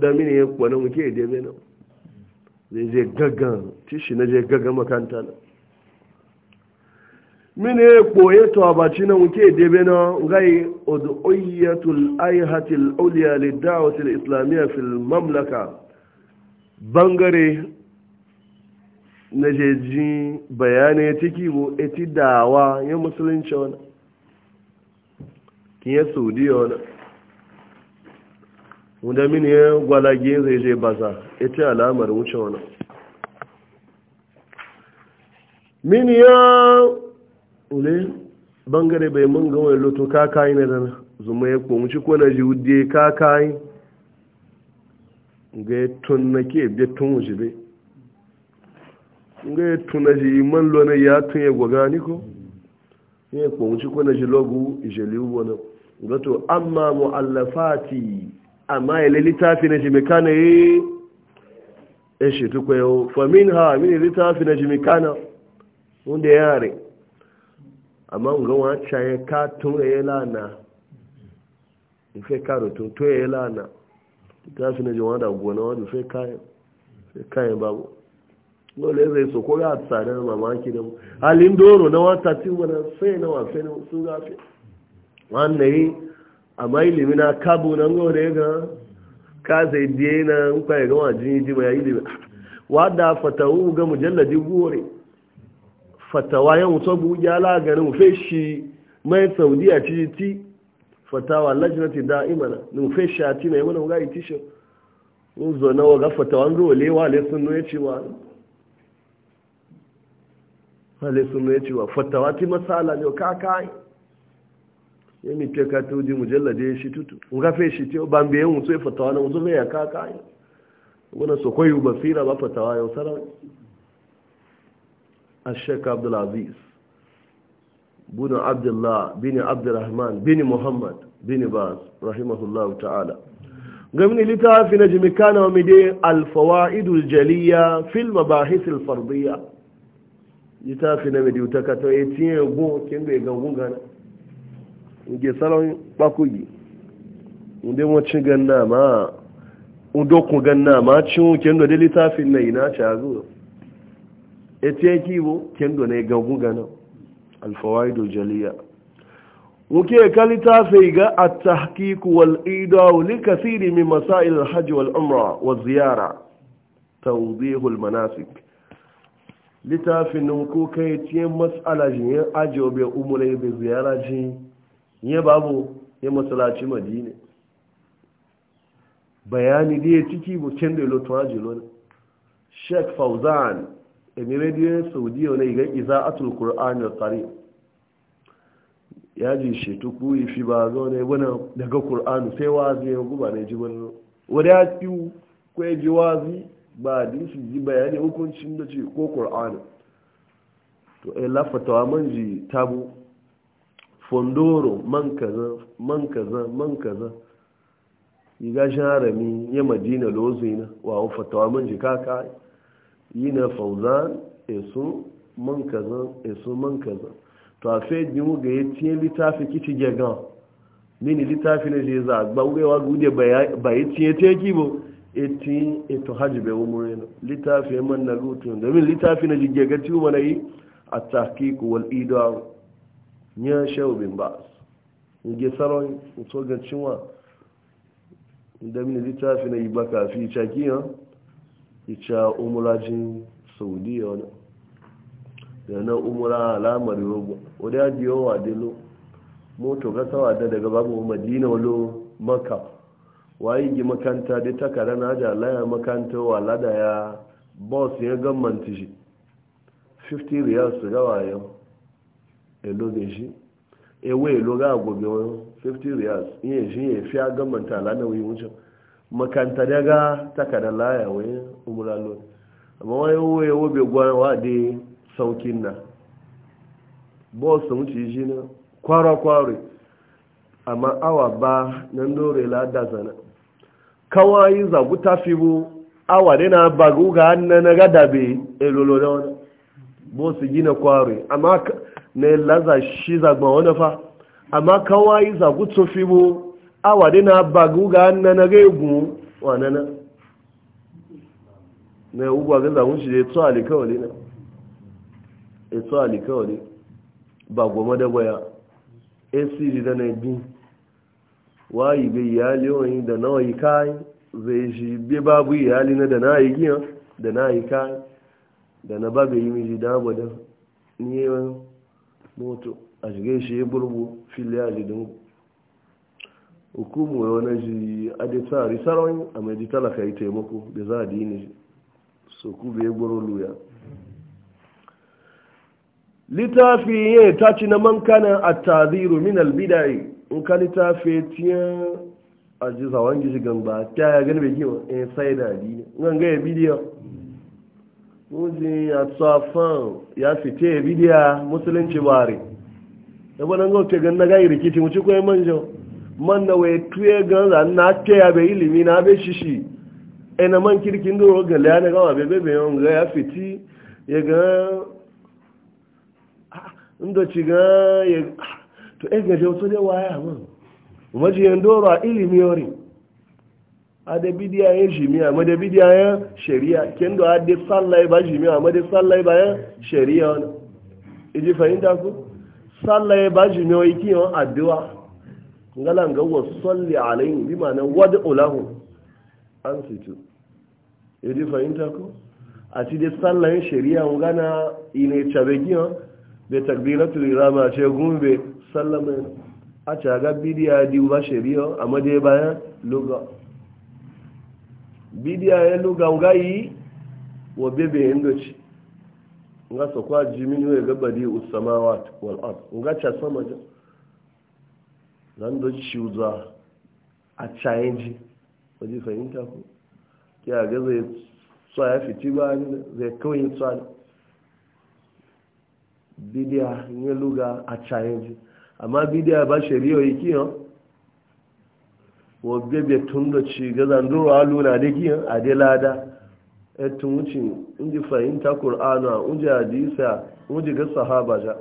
da mini ya kwanan muke da mena zai je gaga tishi na je gaga makanta na mini ya koye to abaci na muke da mena gai odoyatul aihatil auliya lidawatul islamiyya fil mamlaka bangare na jeji bayanai ciki bo eti dawa ya musulunci wani kiyan saudiya wani wanda mini ya gwalage zai je baza eti alamar wuce wani mini ya ule bangare bai mun ga wani loto kakayi na dana zuma ya kwanci ko na jiwude kakayi ga tun na ke biyar tun wuce bai nga tuna ji man lona ya tun ya gwagani ko ya kwanci kuna ji logu ijeli wani ga to amma mu'allafati amma e, e ya ama na jimikana ya yi ya shi tukwa yau famin ha min littafi na jimikana wanda ya yare amma ga wancan ya ka tun ya lana ife karo tun to ya lana littafi na jimikana gona wani ife kayan babu dole zai so ko ga tsada na mamaki da halin doro na wata tiwa na sai na wafe na su gafe wannan yi a mai limina kabu na ga ya ga ka zai diye na kwaye ga wajen jima ya yi limina wadda fatawu ga mujallaji gore fatawa yan bu ya lagarin mu shi mai saudiya ci ti fatawa lajinati na mu shi a ti na yi mana wuga itishin mun zo na waga fatawa an zo lewa le sun ya ce wa wale sun ya cewa fatawa ti masala ne ka kai ya mi te ka tuji mujallade shi tutu in ga fe shi te ban be mu sai fatawa na mu ya ka kai wala so koyu basira ba fatawa yau sarar A shek العزيز buna Abdullah, الله بن عبد الرحمن بن محمد بن باز رحمه الله تعالى قمني لتعرف نجم كان ومدي الفوائد الجلية في المباحث الفرضية littafi na mai ta kato ya cinye go kin ga gangun gana nge salon bakugi inda mo gan ganna ma gan ganna ma cin kin ga littafin na ina cha zo etiye kibo kin ga ne gangun gana alfawaidu jaliya kali ta littafi ga at-tahqiq wal idaw li kathiri min masail al-hajj wal umra wa ziyara tawdih al-manasik littafin nan ko kai ce matsala jin yin ajiyo bai umura bai ziyara jin yin babu ya matsalaci madina bayani da ya ciki bukin da ilotu ajiyar ne sheik fauzan emiradiyar saudiya ne ga iza'atul kur'an da tsari ya ji shetu kuyi fi ba zaune wani daga kur'an sai wazi ya guba ne ji wani wadda ya ciwu ko kwaye ji wazi ba hadisi ji bayani hukuncin da ce ko ƙur'ani to ai eh, lafatawa man ji tabu fondoro man kaza man kaza man kaza yi ga harami ya madina lozina wa fatawa man ji kaka yi na fauzan esu man kaza esu man kaza to a fe jimu ga ya tiye littafi kici gegan mini littafi na je za a gbawewa gude bayi tiye teki bo etin eto hajji bai umuri na littafi man na rutu domin littafi na jige ga tiwo mana yi a tahkiku wal idon ya shehu bin ba ge saron to ga cinwa domin littafi na yi baka fi caki ya ica umurajin saudiya wani da na umura alamar yogo wadda ya jiyo wa dilo moto gasawa da daga babu madina walo maka wayin gi makanta dai takara na da laya makanta wa lada ya boss ya gammanti shi 50 riyals ga wayo elo de shi ewu elo ga gobe 50 riyals yin shi ya fi gammanta lana wuyi wucin makanta da ga takara laya wayo umralo amma wayo gwan wa saukin na boss ci kwara kwara amma awa ba nan dore la da kawai zagu tafi bu awa ne na bagu ga hannun na gada be elolo wani bo su gina kwari amma na laza shi zagba wani fa amma kawai zagu tufi bu awa ne na bagu ga hannun na gaibu wani na na ugwa ga zagun shi da eto alikawali na eto alikawali ba goma da gwaya acd e da na biyu wayi bai iyali wani da nawa yi kayi zai shi bai babu iyali na da na yi giyan da na yi kayi da na babu yi miji da abu da ni moto a shiga shi ya burbu fili a lidin hukumu ya wani ji adetari sarawin a mai ji talaka yi taimako da za a dini so ku bai gboro luya littafi ya taci na mankana a taziru min albida'i in ka littafi tiyan a ji zawon gishi gangba ta ya gani bai giwa in eh, sai da di ganga ya bidiyo muji ya tsafan ya fite ya bidiya musulunci bare da ba nan gauce gan na gayi rikici mu ci koyi manjo man na wai tuye ganza za na ta ya bai ilimi na bai shishi ina e man kirkin doro ga laya na gawa bai bai yawan ga ya fiti ya ga inda ci ga ya to ɗan gaje wasu ne waya mun majiyan doro a ilimi yori a da bidiya ya jimiya ma da bidiya ya shari'a a da adi ya ba jimiya ma da sallai ba ya shari'a wani iji fahimta ku ya ba jimiya yi kiyon addu'a ngalan ga wa salli alayhi bi ma'ana wad'u lahu an situ iji fahimta ku a ti da sallayin shari'a ngana ine chabegiyo be takbiratul irama ce gumbe sallama a caga bidiya di ba shari'a a made bayan luga bidiya ya luga nga yi wa bebe indoci nga so kwa jimini ya gaba di usamawat wal ard nga ca sama ja zan do ci uza a cayin ji waje fahimta ko ki a ga zai tsaya fiti ba zai kawai tsaya bidiya ya luga a cayin ji amma bidiya ba shari'a yi kiyo wa bebe tun da ci ga zanduru a luna da kiyo a dai lada ya eh, tun wuce inji fahimta kur'ana unji hadisa unji ga sahaba ja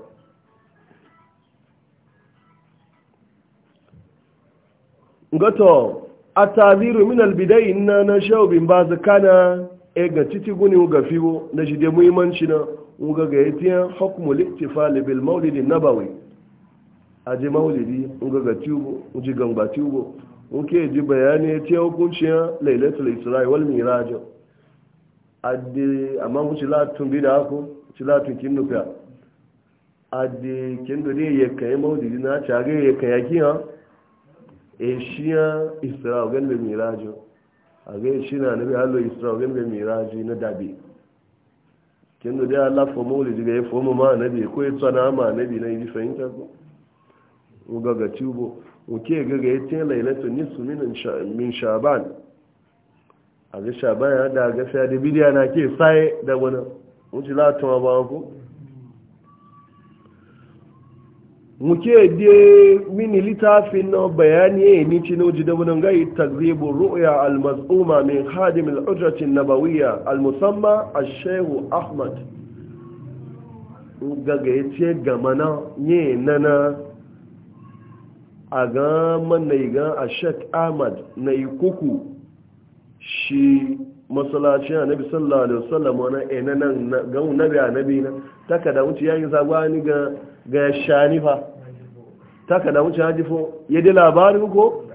gato a tabiru min albidai na na shaubin ba zakana e ga titi guni ga fiwo na shi da muhimmanci na ga ga yatiyan hukumul iktifali bil maulidin nabawi aje maulidi nga ga tubo uji gamba tubo nke ji bayani ya ce hukunci ya lailatul isra'i wal miraj adde amma mu ci latun bi da ako ci latun kin nuka adde maulidi na ci aga ya kai yakin ha e shiya isra'i gan da miraj aga shi na nabi hallo isra'i gan da miraj dabi kin do da Allah fo ga ya fo ma nabi ko ya tsana ma nabi na yi fahimta ko ugaga tubo uke gaga ya ce lailatun nisu min shaban a ga shaban ya da ga sai da bidiya na ke sai da wani wuce latin ba ku muke de mini littafin na bayani ya yi ci na da wani gai tagzibu ru'ya al-maz'uma min hadim al-ujratin nabawiyya al-musamma al-shehu ahmad gaga ya ce gamana yi nana a ga man na a shek ahmad na yi kuku shi masalacin nabi sallallahu alaihi wasallam wani ina nan ga nabi na taka da wuce yayin sabani ga ga shanifa taka da wuce hajifo ya da labarin ko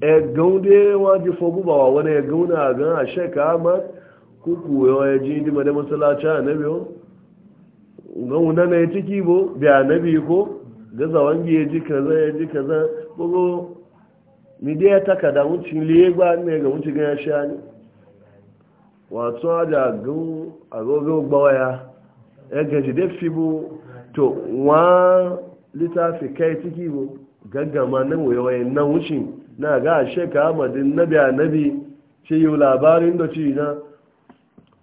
e gaunde fo buba wa wani ya gauna gan a shek ahmad kuku ya ji dima da masalacin o gan wuna na ya ciki bo bi nabi ko gazawan biye ji kaza ya ji kaza bugu midiya ta kada wucin gba ne ga wucin ya sha ne wato aja gun agogo gbawa ya e gaji da bu to wa littafi kai ciki bu gaggama nan wayoyin nan wucin na ga sheka amadin nabi a nabi ce yi labarin da ci na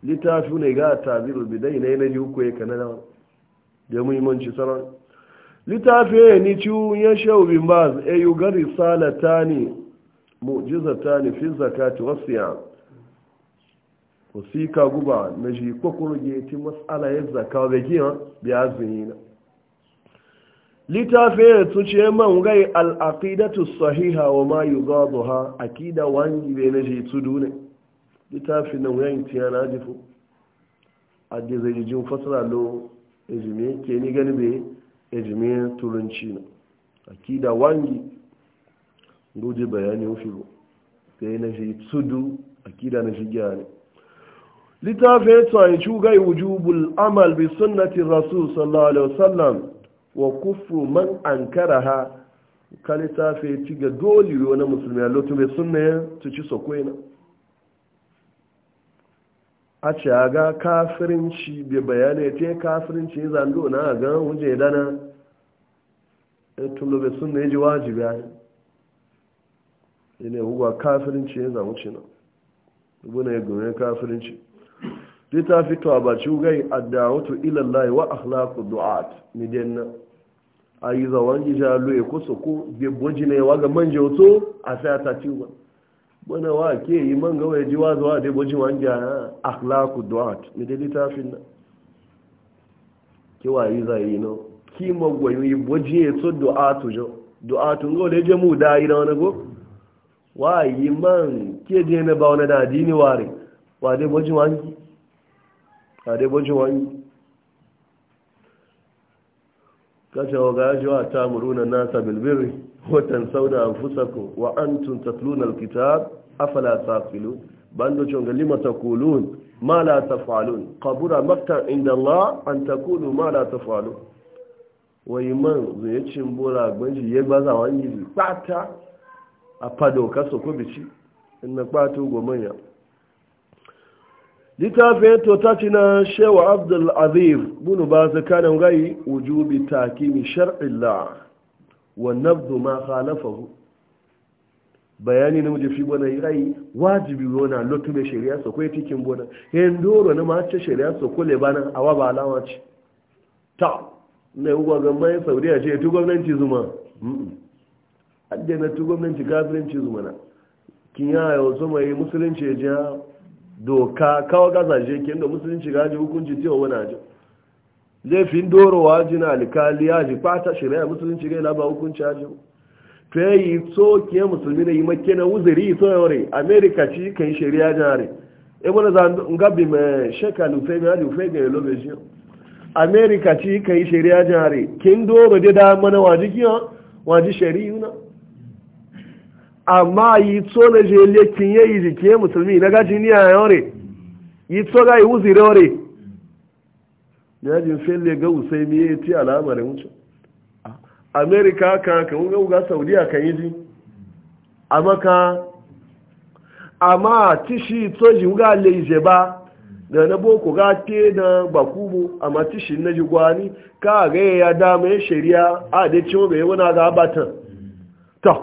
littafi ne ga tabiru bidai na yanayi uku ya kanana da muhimmanci litafe eh, ni ciwon shehu bin baz e eh, yi ga risalata ne mu'jizata ne fi zakati wasiya wasika guba meji shi kwakwurge ti masala ya zaka da kiyan biya zini na littafi ya eh, su ce man gai sahiha wa ma yi akida wangi be meji shi tudu ne na wuyan tiya na jifu a da zai lo ejime ke ni gani ejimiyar turanci na akida wangi goje bayani ofiro sai na shi tudu akida na shi gyara littafi ya tsaye cugai wujubul amal bi sunnatin rasul sallallahu alaihi wasallam wa kufu man kara ha ka ya ci ga dole na musulmi a lotu mai sunnaya ta ci sokwai na a ce a ga kafirinci bai bayanai ya ce kafirinci zando na a gan wuje dana tun da sun na yi ji wajibi ya yi ne hugwa kafirinci ya zama ce na ibu na ya gome kafirinci duk ta fito a baci gai a wato ilallai wa ahlaku du'at ni denna a yi zawon gijalu ya kusa ko bai boji ne wa ga manje wato a sai ta ci wani wa ke yi man gawa ya ji wazuwa da bujin na akhlaku duwat ne da litafin nan ke wa yi na ki magwayo yi bujin ya so du'atu jo du'atu ngo da je mu da ina wani go wa yi man ke je na ba wani da dini ware wa da bujin wani wa da bujin wani kashe wa gaji wa muruna nasa bilbirri wa amfusa anfusakum wa tun tatluna kitab afala taqilu bando chonga lima taqulun ma la tafalun qabura makta inda Allah an taqulu ma la tafalun wai man zai cin bora gbanji ya baza wani ji pata a fado kaso ko bici Ina pato manya littafin to ta ci na shewa abdul azif bunu ba tsakanin gai wujubi takimi shar'illah wa nabdu ma khalafahu bayani na mujefi bona irai wajibi wona lotu be shari'a so ko tikin bona hen doro na mace shari'a so ko lebana awa ba alama ce ta ne uwa ga mai saudiya ce tu gwamnati zuma adde na tu gwamnati kafirinci zuma na kin ya yo mai musulunci ya ja doka kawo gazaje ke da musulunci gaji hukunci wani aji. Zai fi doro wajina alkali ya ji fata shirya musulunci gai laba hukunci aji. to ya yi tsokiya musulmi na yi makke na wuzuri to yawari amerika ci kan shari'a jare e mana za ngabi me sheka lufe me ali ufe ga lobe shi amerika ci kan shari'a jare kin doro da da mana waji kiyo waji shari'a na amma yi tso na je lekin yayi jike musulmi na gaji ni a yawari yi tso ga yi wuzuri yawari ya jin felle ga usaimi ya ti al'amarin wucin amerika ka kan wuga saudiya kan yi ji amma ka amma tishi tsoji wuga ize ba na na boko ga te na bakubu amma tishi na ji gwani ka ga ya dama ya shari'a a da ciwo bai wani ga batan ta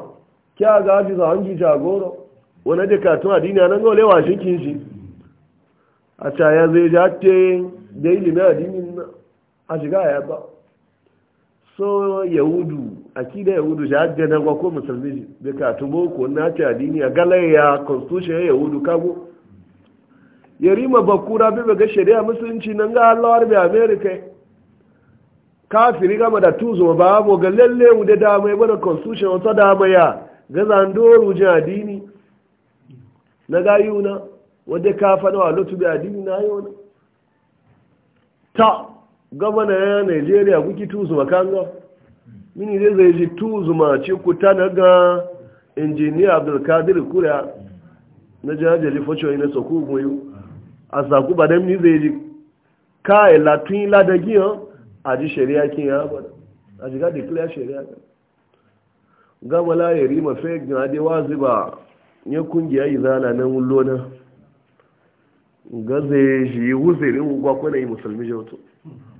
kya ga ji za hangi jagoro wani da katon adini nan ga lewa shi kinshi a ta ya zai ja te da ilimin adini a shiga ya ba so yahudu kida yahudu ja addana gwa ko musulmi da ka tumo ko na a dini a galaya constitution yahudu kago yarima bakura bai ga shari'a musulunci nan ga Allah bi amerika america kafiri gama da tuzo ba bo ga lalle mu da dama ya bada constitution wata dama ya ga zandoru a dini na gayuna wadda ka fada wa lotu bi adini na yona ta gabana ya nigeria kuki tuzuma kango mini zai zai ji tuzuma ci kuta na ga injiniya abdulkadir kura na jihajjali fashewa ina sako goyo a saku ba da mini zai ji kayan latin ladagiyan a ji shari'a kin ya bada a jiga declare shari'a kan gama la ya rima fe gade wazi ba ya kungiya izala nan lona ga zai shi wuzirin ugwa kuna yi musulmi jautu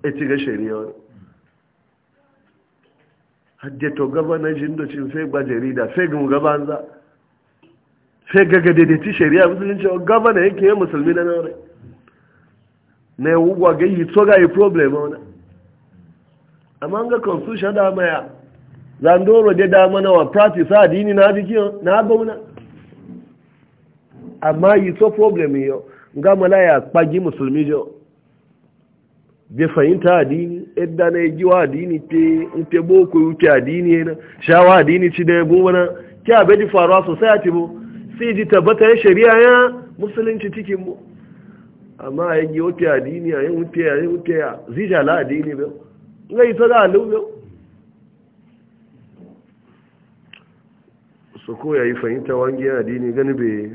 e ci ga shari'a wani hajjato gaba jindocin sai ba jarida sai ga gaba za sai ga shari'a musulunci gaba na yake yin musulmi na naure na yi ugwa ga yi tsoga yi problem wani amma ga kansu shada maya zandoro da dama na wa practice a dini na jikin na abauna amma yi so problem yau ga ya kpagi musulmi jo bi fahimta adini idan na yi wa adini te te boko yuke adini yana shawa adini ci da ya bu wani ki abe ji faruwa sosai a tibo sai ji tabbatar shari'a ya musulunci cikin mu amma ya yi wuce adini a yi wuce a yi wuce a la adini bai nga yi sada alu bai su ko ya yi fahimta wangiyan adini gani bai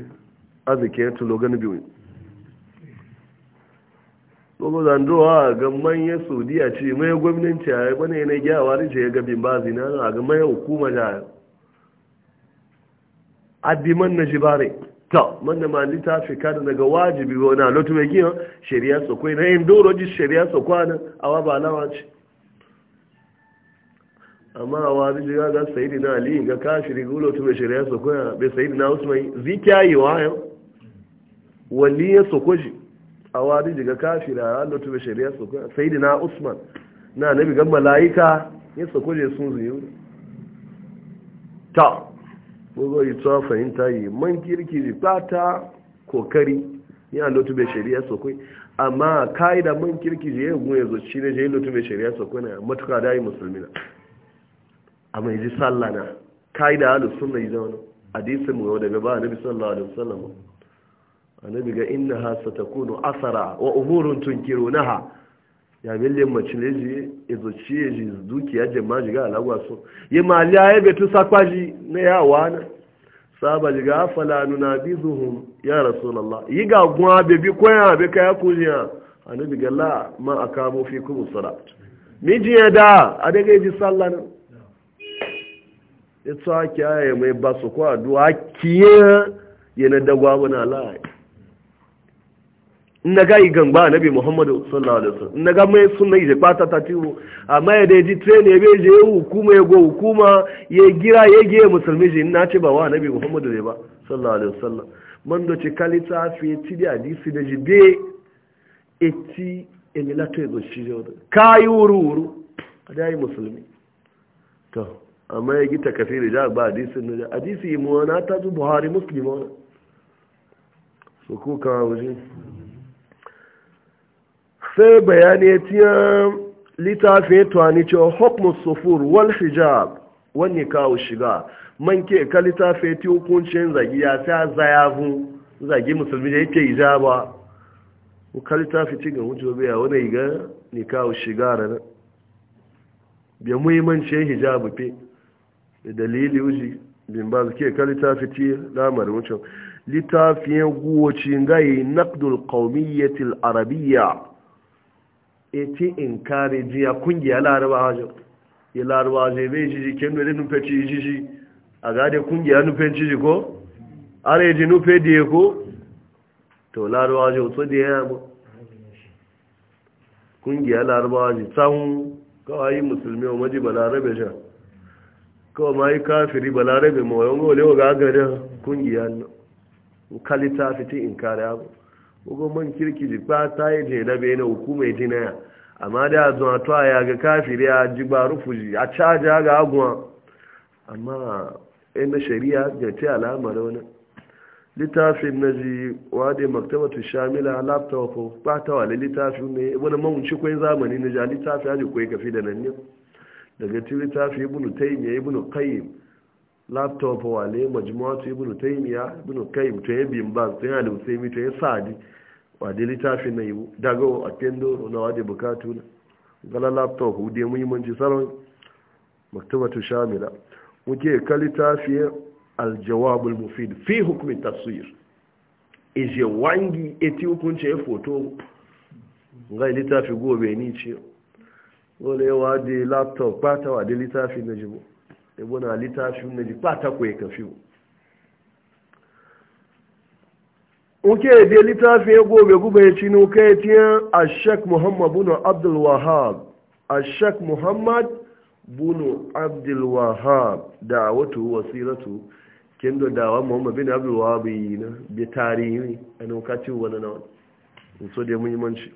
arzikin tulo gani bai kuma zandowa ya manyan a ce mai gwamnanci a yi wani yanayi gyawa da ce ya gabin ba zina a ga ya hukuma da addi man na jibare ta man ma mali ta fi kada daga wajibi ba wani alotu mai gina shari'a kwai na yin ji shari'a kwanan nan wa ba lawa ce amma a wani jiga ga sayidi na ali ga kashiri gulo tu mai shari'a sakwai bai sayidi na usman zikiyayi wa yau waliyan sakwaji a wari daga kafira Allah tuba shari'a su kuma sayidina Usman na nabi ga malaika ya sako je sun zuyu ta bugo yi tsawa fahimta yi man kirki ji fata kokari ya Allah tuba shari'a su kuma amma kaida man kirki ji ya gun ya zo shi ne je Allah tuba shari'a su na matuka dai na amma yaji sallana na kaida ahlus sunna yi zauna hadisin mu daga ba nabi sallallahu alaihi wasallam annabi ga inna ha satakunu asara wa umurun tunkirunaha ya belle macileji ezo ciyeji dukiya jama'a jiga alagwa so ye mali aye betu sakwaji na yawa na saba ga afala nunabizuhum ya rasulullah yi ga gwa be bi koya be kaya kujiya annabi ga la ma akamu kuma salat miji ya da daga ji sallah ya tsaki aye mai basu kwa duwa kiye yana dagwa wani alaye na ga igan ba muhammadu sallallahu alaihi wasallam na ga mai sunna je pata ta tiwo amma ya daji train ya beje ya hukuma ya go hukuma ya gira ya ge musulmi je na ce ba wa nabi muhammadu ne ba sallallahu alaihi wasallam man do ci kalita fi ti da hadisi da be eti emila to go shi jo ka yururu dai musulmi to amma ya gita kafiri da ba hadisi ne hadisi mu na ta buhari muslimo wannan su kuka wajen sai bayani ya tiya ya tuwani cewa hukumus sufur wal hijab wani kawo shiga man ke ka littafin ti hukuncin zagi ya sa zayavu zagi musulmi da yake hijaba ka littafi ci ga wujobe biya wani ga ne kawo shiga ranar biya ya hijabu fi da dalili wuji bin ba ke ka littafi ci damar wucin littafin guwaci gaye naqdul qawmiyyatil arabiyya eti inkari jiya kungiya larabawa hajo ya larabawa zai bai jiji ken dole nufeci jiji a gade kungiya nufeci jiji ko are ji nufe da ya ko to larabawa jau so da ya ba kungiya larabawa ji tsawon kawai musulmi wa maji balarabe sha kawai ma yi kafiri balarabe ma wayan gole wa gagarin kungiya kalita fiti in abu kogon man kirki jifa ta yi je da bai na hukumai jinaya amma da zuwa to ya ga kafiri a ji ba rufuji a caja ga aguwa amma in na shari'a ga alama da wani littafin na ji wade maktabatu shamila laptop ba ta wale littafin ne wani mawunci kwai zamani na ja littafi ya ji kwai kafi da nan ne daga ti littafi ibnu taymiya ibnu qayyim laptop wale majmuatu ibn taymiya ibn kayyim to yin bin to yin al-usaimi to yin sa'adi wa littafin na yiwu daga a kendo na wade bukatu gala laptop hude muhimmanci salon maktabatu shamila muke ka al-jawab al-mufid fi hukumin tafsir ije wangi eti hukunce ya foto ga litafi gobe ni ce wa wade laptop wa wade littafin na jibo ebona littafin na ji kwata kwaye kafi uke da littafin ya gobe guba ya ci nuka ya tiyan ashek muhammad bunu abdulwahab ashek muhammad bunu abdulwahab da wato wasiratu kin da dawa muhammad bin abdulwahab yi na bi tarihi a nukacin wani na wani so da muhimmanci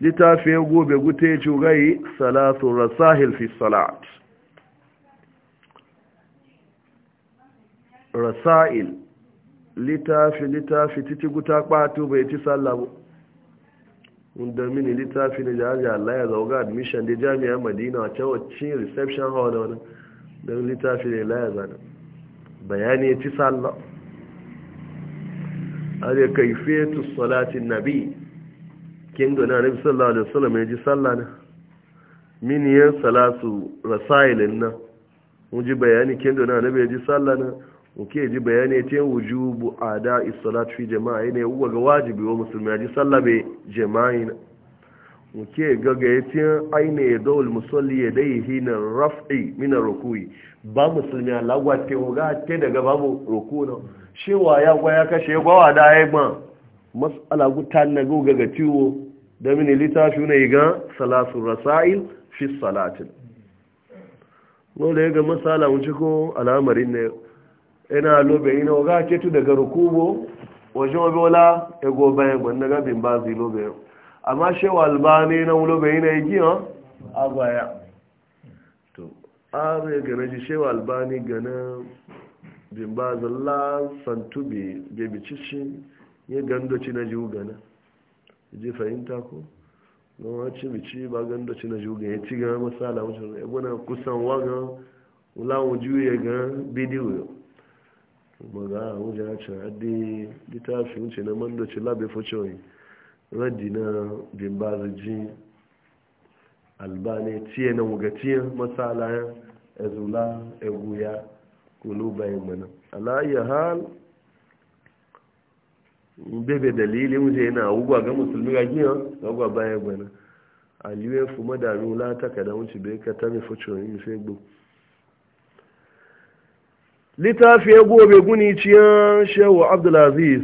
littafin ya gobe gute ya ci gai salatu rasahil fi salat rasail littafi littafi titi guta kpatu bai ci sallabu wanda mini littafi na jami'a Allah ya zauga admission da jami'a madina a can wacce reception hall da wani don littafi ne Allah ya zana bayani ya ci sallah har ya kaifetu salatin nabi kin na nabi sallallahu alaihi wasallam ya ji sallah na mini salatu rasailin na mun ji bayani kin na nabi ya ji sallah na muke ji bayani ce wujubu a da fi jama'a ne uwa ga wajibi wa musulmi ya ji sallabe jama'i na muke gaga ya ce aine ya dole musalli ya dai hinan raf'i minar rukui ba musulmi ya lagwate ga ta daga babu ruku na shewa ya gwaya kashe ya gwawa da ya ma mas'ala guta na goga ga ciwo da mini littafi ne ga salasu rasa'il fi salatin. Nola ya ga masala wuce ko al'amarin ne. ina lobe ina oga tu daga rukubo wajen wabe wala ego bayan gwanda gabin ba zai lobe yau amma shewa albani na lobe ina yi ha a baya to are gana shi shewa albani gana bin ba zalla santubi bebe cici ya gandoci na jiwu gana. ji fahimta ko na wacce bici ba gandoci na jiwu gana, ya ci gana masala wajen gana kusan wagan wula wujiyu ya gane bidiyo maga a wujen cin haddi littafi wuce na labe fucewi raddi na ji albani tiye na wugatiyar matsalayen ezula eguya kulu bayan mana alayyar hal dalili dalilin wuce musulmi ga giya agugwa bayan mana aliyu ya fuma da nula ta kada wuce bai ka littafi ya gobe guni ciyan shehu abdulaziz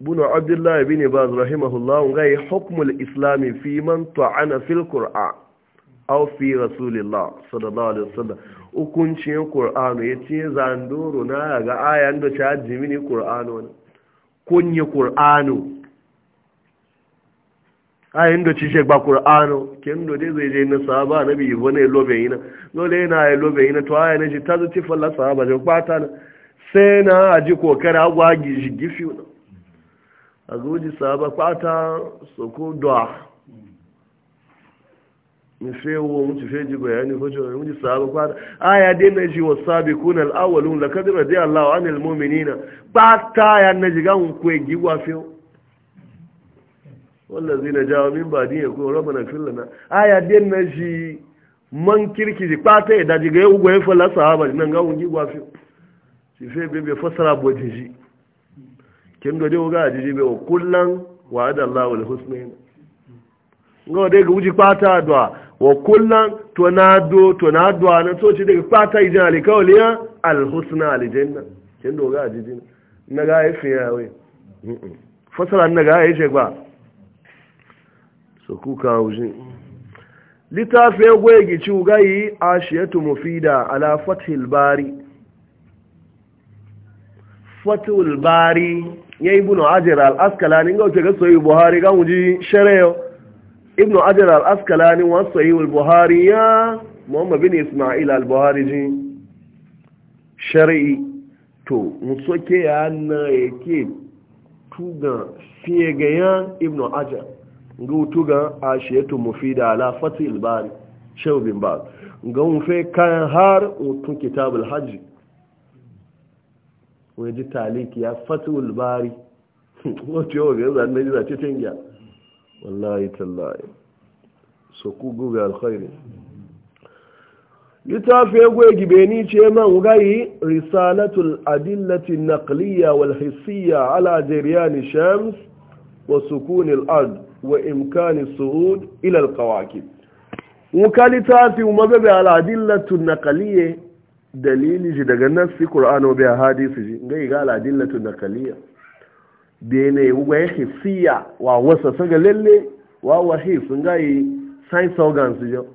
bunu abdullahi bin baz rahimahullah ngai hukmul islami fi man ta'ana fil qur'an aw fi rasulillah sallallahu alaihi wasallam hukuncin qur'anu yace zanduru na ga ayan da ta jimini qur'anu kunye qur'anu ayin da ci shek ba qur'ano ken do dai zai je na sahaba nabi wani lobe yina dole yana na lobe yina to ayin ji ta zuci falla sahaba je kwata na sai na aji kokari agwa gi shi gifi na agoji sahaba kwata soko doa ni fe wo mu ci fe ji bayani hojo mu ji sahaba kwata aya dai na ji wasabiquna alawwalun laqad radiya Allahu anil mu'minina kwata ya na ji gan ku gi wa fe wannan zina jawo min ba din ya ko rama na fila na aya den na shi man kirki ji kpata ya daji ga ugu ya fala sahaba nan ga ungi gwa fi shi fe bebe be fasara bojin shi kin gode wuga a jiji bewa kullan wa adallahu alhusnain nga de ga wuji kpata adwa wa kullan tonado tonado na so ci daga kpata ijin alikawliya alhusna aljanna kin do a jiji na ga ya fiya we fasara na ga ya shegba su kuka wuce littafin goyi gici gayi a shiyatu mufida ala fathil bari fathil bari ya yi bunu ajiyar al'askalani ga wuce ga soyi buhari ga wuji sharayo ibnu ajiyar al'askalani wasu soyi buhari ya muhammad bin ismail al-buhari ji shari'i to mutsoke ya na yake tuga fiye ga yan ibnu ajiyar gutugan ashiyatu mufida ala fatil bari shehu bin ba ga fe kan har utun kitabul hajj wani ji taliki ya fatul bari ti o oh, ga zan naji zace tinga wallahi tallahi so ku guga alkhairi littafi ya goya ni ce man gai risalatul adillati naqliya wal hissiya ala jiryan shams wa sukunil ard wa imkani su'ud ila alqawakib wukali tafi ala adillatun naqaliyya dalili ji daga nafsi qur'ano bi hadisi ji ngai ga adillatun naqaliyya bene wa hisiya wa wasa saga lalle wa wahi sun sai science organs jo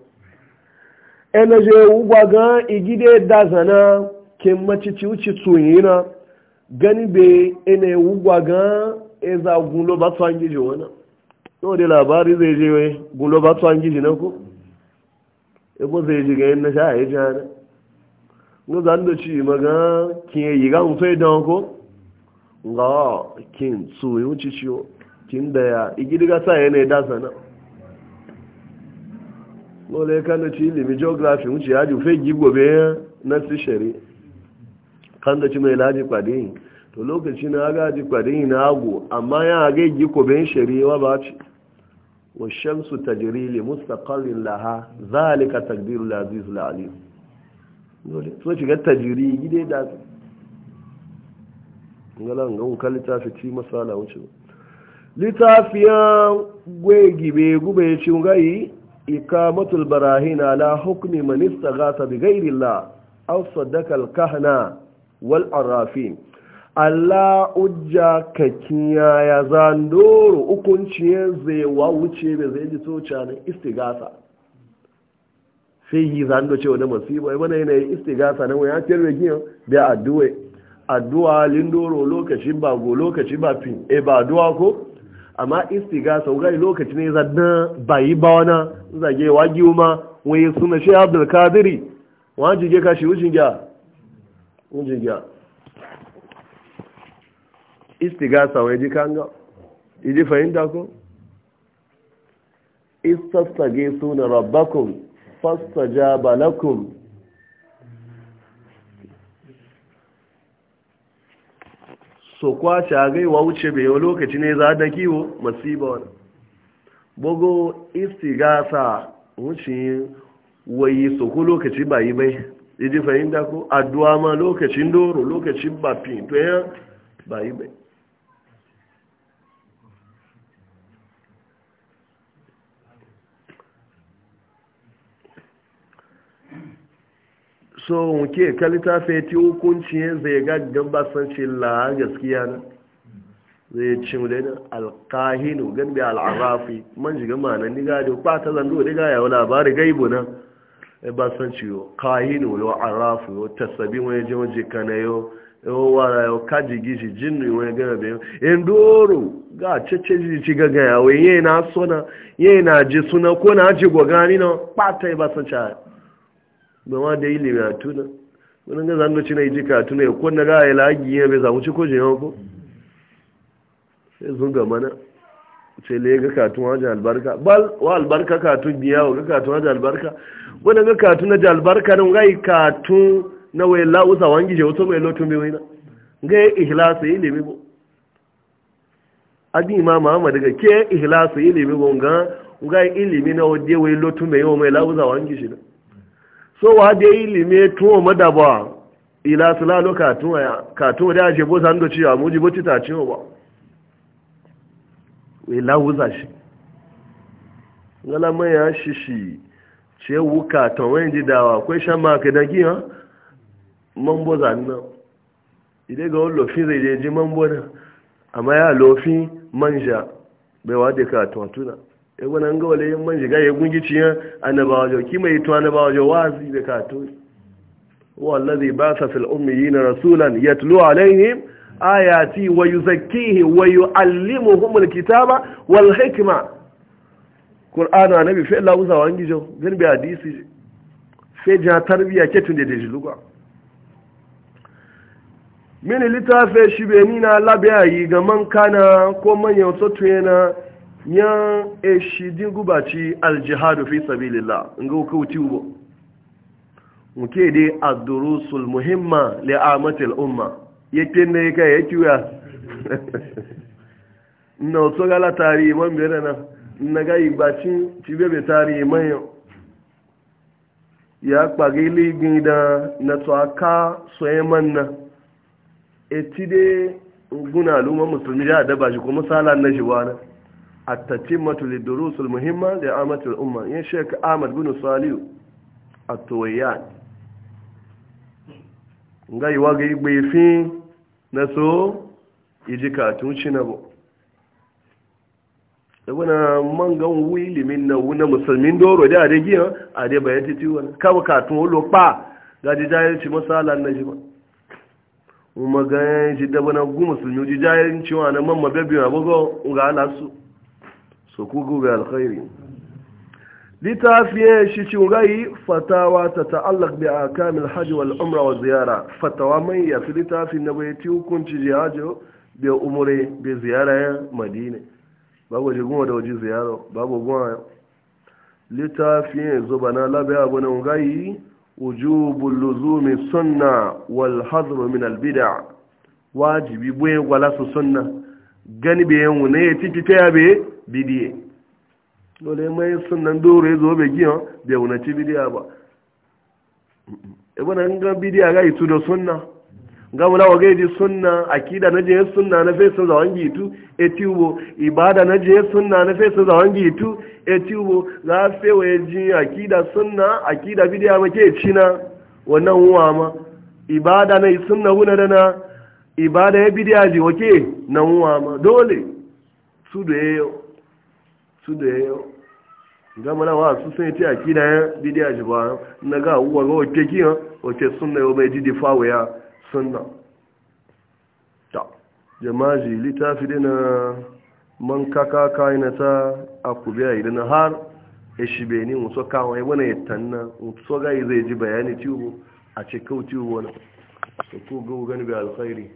ene je ugwa ga igide dazana ke macici uci tsunyina gani be ene ugwa ga ezagun lo ba tsangi jo wannan yau da labari zai je wai gulo ba su an na ku ebo zai ji ga yin na sha a yi jihar nga zan da ci maga kin yi ga mutu ya dan ko nga kin su yi wuce ciwo kin da ya igidi ga sa yana da sana lole kan da ci ilimi geography wuce ya ji fe gi gobe na si shari kan da ci mai laji kwade to lokaci na aga ji kwade na agu amma ya aga gi gobe shari'a ba ci والشمس تجري لمستقل لها ذلك تقدير العزيز العليم so shiga tajiri gide da ngala ga wuka littafi ci masala wuce littafiyan gwegi be gube ci ngai ikamatul barahina la hukmi man istaghatha bi ghayri allah aw saddaka al kahna wal arrafin Allah ujja kakiya ya zandoro hukunciyar zai wuce da zai ji toca na istigasa sai yi zando cewa na masiba ya mana yanayin istigasa na wani hafiyar da giyan da addu'a addu'a lindoro lokacin ba go lokaci ba fin e ba addu'a ko amma istigasa gai lokaci ne zanna bayi ba wana zage wagi ma wani suna shi abdul wani jige kashi wujin gya wujin gya istigasa wa ji kanga idi fahimta ko istastage suna rabbakum ja lakum so kwace agaiwa wuce bai yau lokaci ne za da kiwo masiba wani bugu istigasa wuce wayi so ku lokaci ba yi bai Iji fahimta ko addu'a ma lokacin doro lokacin bafin to yan ba yi bai so nke kalita feti hukuncin zai gaggan basanci la gaskiya na zai ci mulina alkahinu ganbe al'arafi man shiga manan diga da kwata zando diga ya labari gaibu na basanci yo kahinu lo arafu yo tasabi wani je waje kana yo yo wara yo kaji gishi jinnu wani gana be endoro ga cece ji ci gaga ya na yana sona yana ji suna ko na ji gogani na kwata basanci ba da da ilimi a tuna wani ga zan doci na iji ka tuna ya kwanna ga ya lagi ya bai zamu ci kojin yawon ko sai zunga mana ce le ga katun waje albarka bal wa albarka katun biya wa ga katun waje albarka wani ga katun na jalbarka nan ga katun na wai la'usa wangi je wato mai lotun bai wani ga ya ihlasa ilimi ba adi imam ahmad ga ke ihlasa ilimi ba ga ilimi na wadde wai lotun bai yawon mai la'usa wangi shi na so wa da yi lime tuwo madaba ila sulalo katuwa ya katuwa da aje bosa ndo ciwa muji boci ta ciwa ba wai lawuza shi ngala ya shishi ce wuka ta wani ji dawa kwai shan maka da giya mambo zanna ide ga wani lofin zai je ji mambo na amma ya lofin manja bai wa da katuwa tuna wani an gawale yin man shiga ya gungi ciyan annabawa jau ki yi tuwa annabawa jau wazi da kato wallazi ba sa yi na rasulan a alaihim ayati wa yuzakkihi wa yuallimuhum kitaba wal hikma qur'ana annabi fe Allah wa hangi gijo zan bi hadisi sai jan tarbiya ke tunde da jiluga min shi shibeni nina labiya yi ga man kana ko manyan sotu yana yan eshi din gubaci aljihadu fi sabilillah nga ku wuti ubo nke dai ad muhimma li amatil umma yake ne ka yake ya na otu gala tari man bere na na ga igbaci ti bebe tari man ya kpage ligin da na to aka so man na etide guna luma musulmi ya da ba shi kuma sala na shi التتمة للدروس المهمة لعامة الأمة يا شيخ أحمد بن صالح الطويان ngai wage gbefi na so iji katun shi na bu ɗabana man wili min na wuna musulmin doro da ade giya ade bayan titi wani kama katun wolo pa ga ji jayar ci masala na shi ba umar ganyen shi ɗabana gu musulmi ji jayar ci wa na mamma bebe ma bugo alasu so ku bai alkhairi littafiye shi cingayi fatawa ta ta'allak bi a kamil hajji wal umra wa ziyara fatawa mai ya fi littafi na bai ti hukunci jihajo bai umure bai ziyara ya madina babu waje goma da waje ziyara babu goma littafiye zuba na labe abu na ngayi wujubul luzumi sunna wal hadru min al bid'a wajibi bai gwala su sunna gani bai yin wune ya ciki ta yabe bidiye dole mai sunan doro ya zo bai giyan bai wunaci bidiya ba ibana ga bidiya ga itu da sunna ga mula wa gaidi sunna akida na je sunna na fe sun zawan gitu etiubo ibada na je sunna na fe sun zawan gitu etiubo ga fe wa ji akida sunna akida bidiya ma ke cina wannan huwa ma ibada na sunna wuna dana ibada ya bidiya ji wake nan huwa ma dole su da yayo a da yayo gama na wasu sun yi tiya kina ya bidiya shi na ga uwa ga wace kiyan wace sunna yau mai ya sunna ta jama'a ji littafi na man kaka kayan ta akubiya na har ya shibe ni musu kawo wani ya tanna musu ga zai ji bayani a cikin ko ga gani alkhairi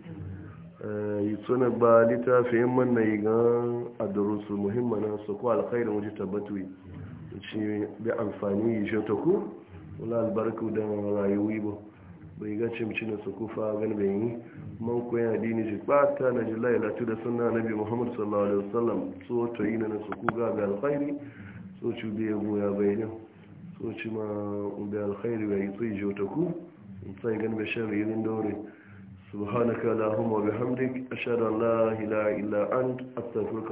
Eh, yi suna ba littafin na yi gan adurusu muhimman su ko alkhairin wajen tabbatu ci bi amfani yi shi ta ku wula albarku don rayuwi ba bai ga cimci na su kufa gan bai yi man koyan adini ji bata na ji lailatu da suna nabi Muhammadu sallallahu alaihi wasallam so ta yi na su ku ga alkhairi so ci ya goya bai ne so ci ma bai alkhairi bai yi tsaye ji ta ku sai gan bai shan ririn dore subhanaka allahumma bihamdik ashhadu an la ilaha illa ant astaghfiruka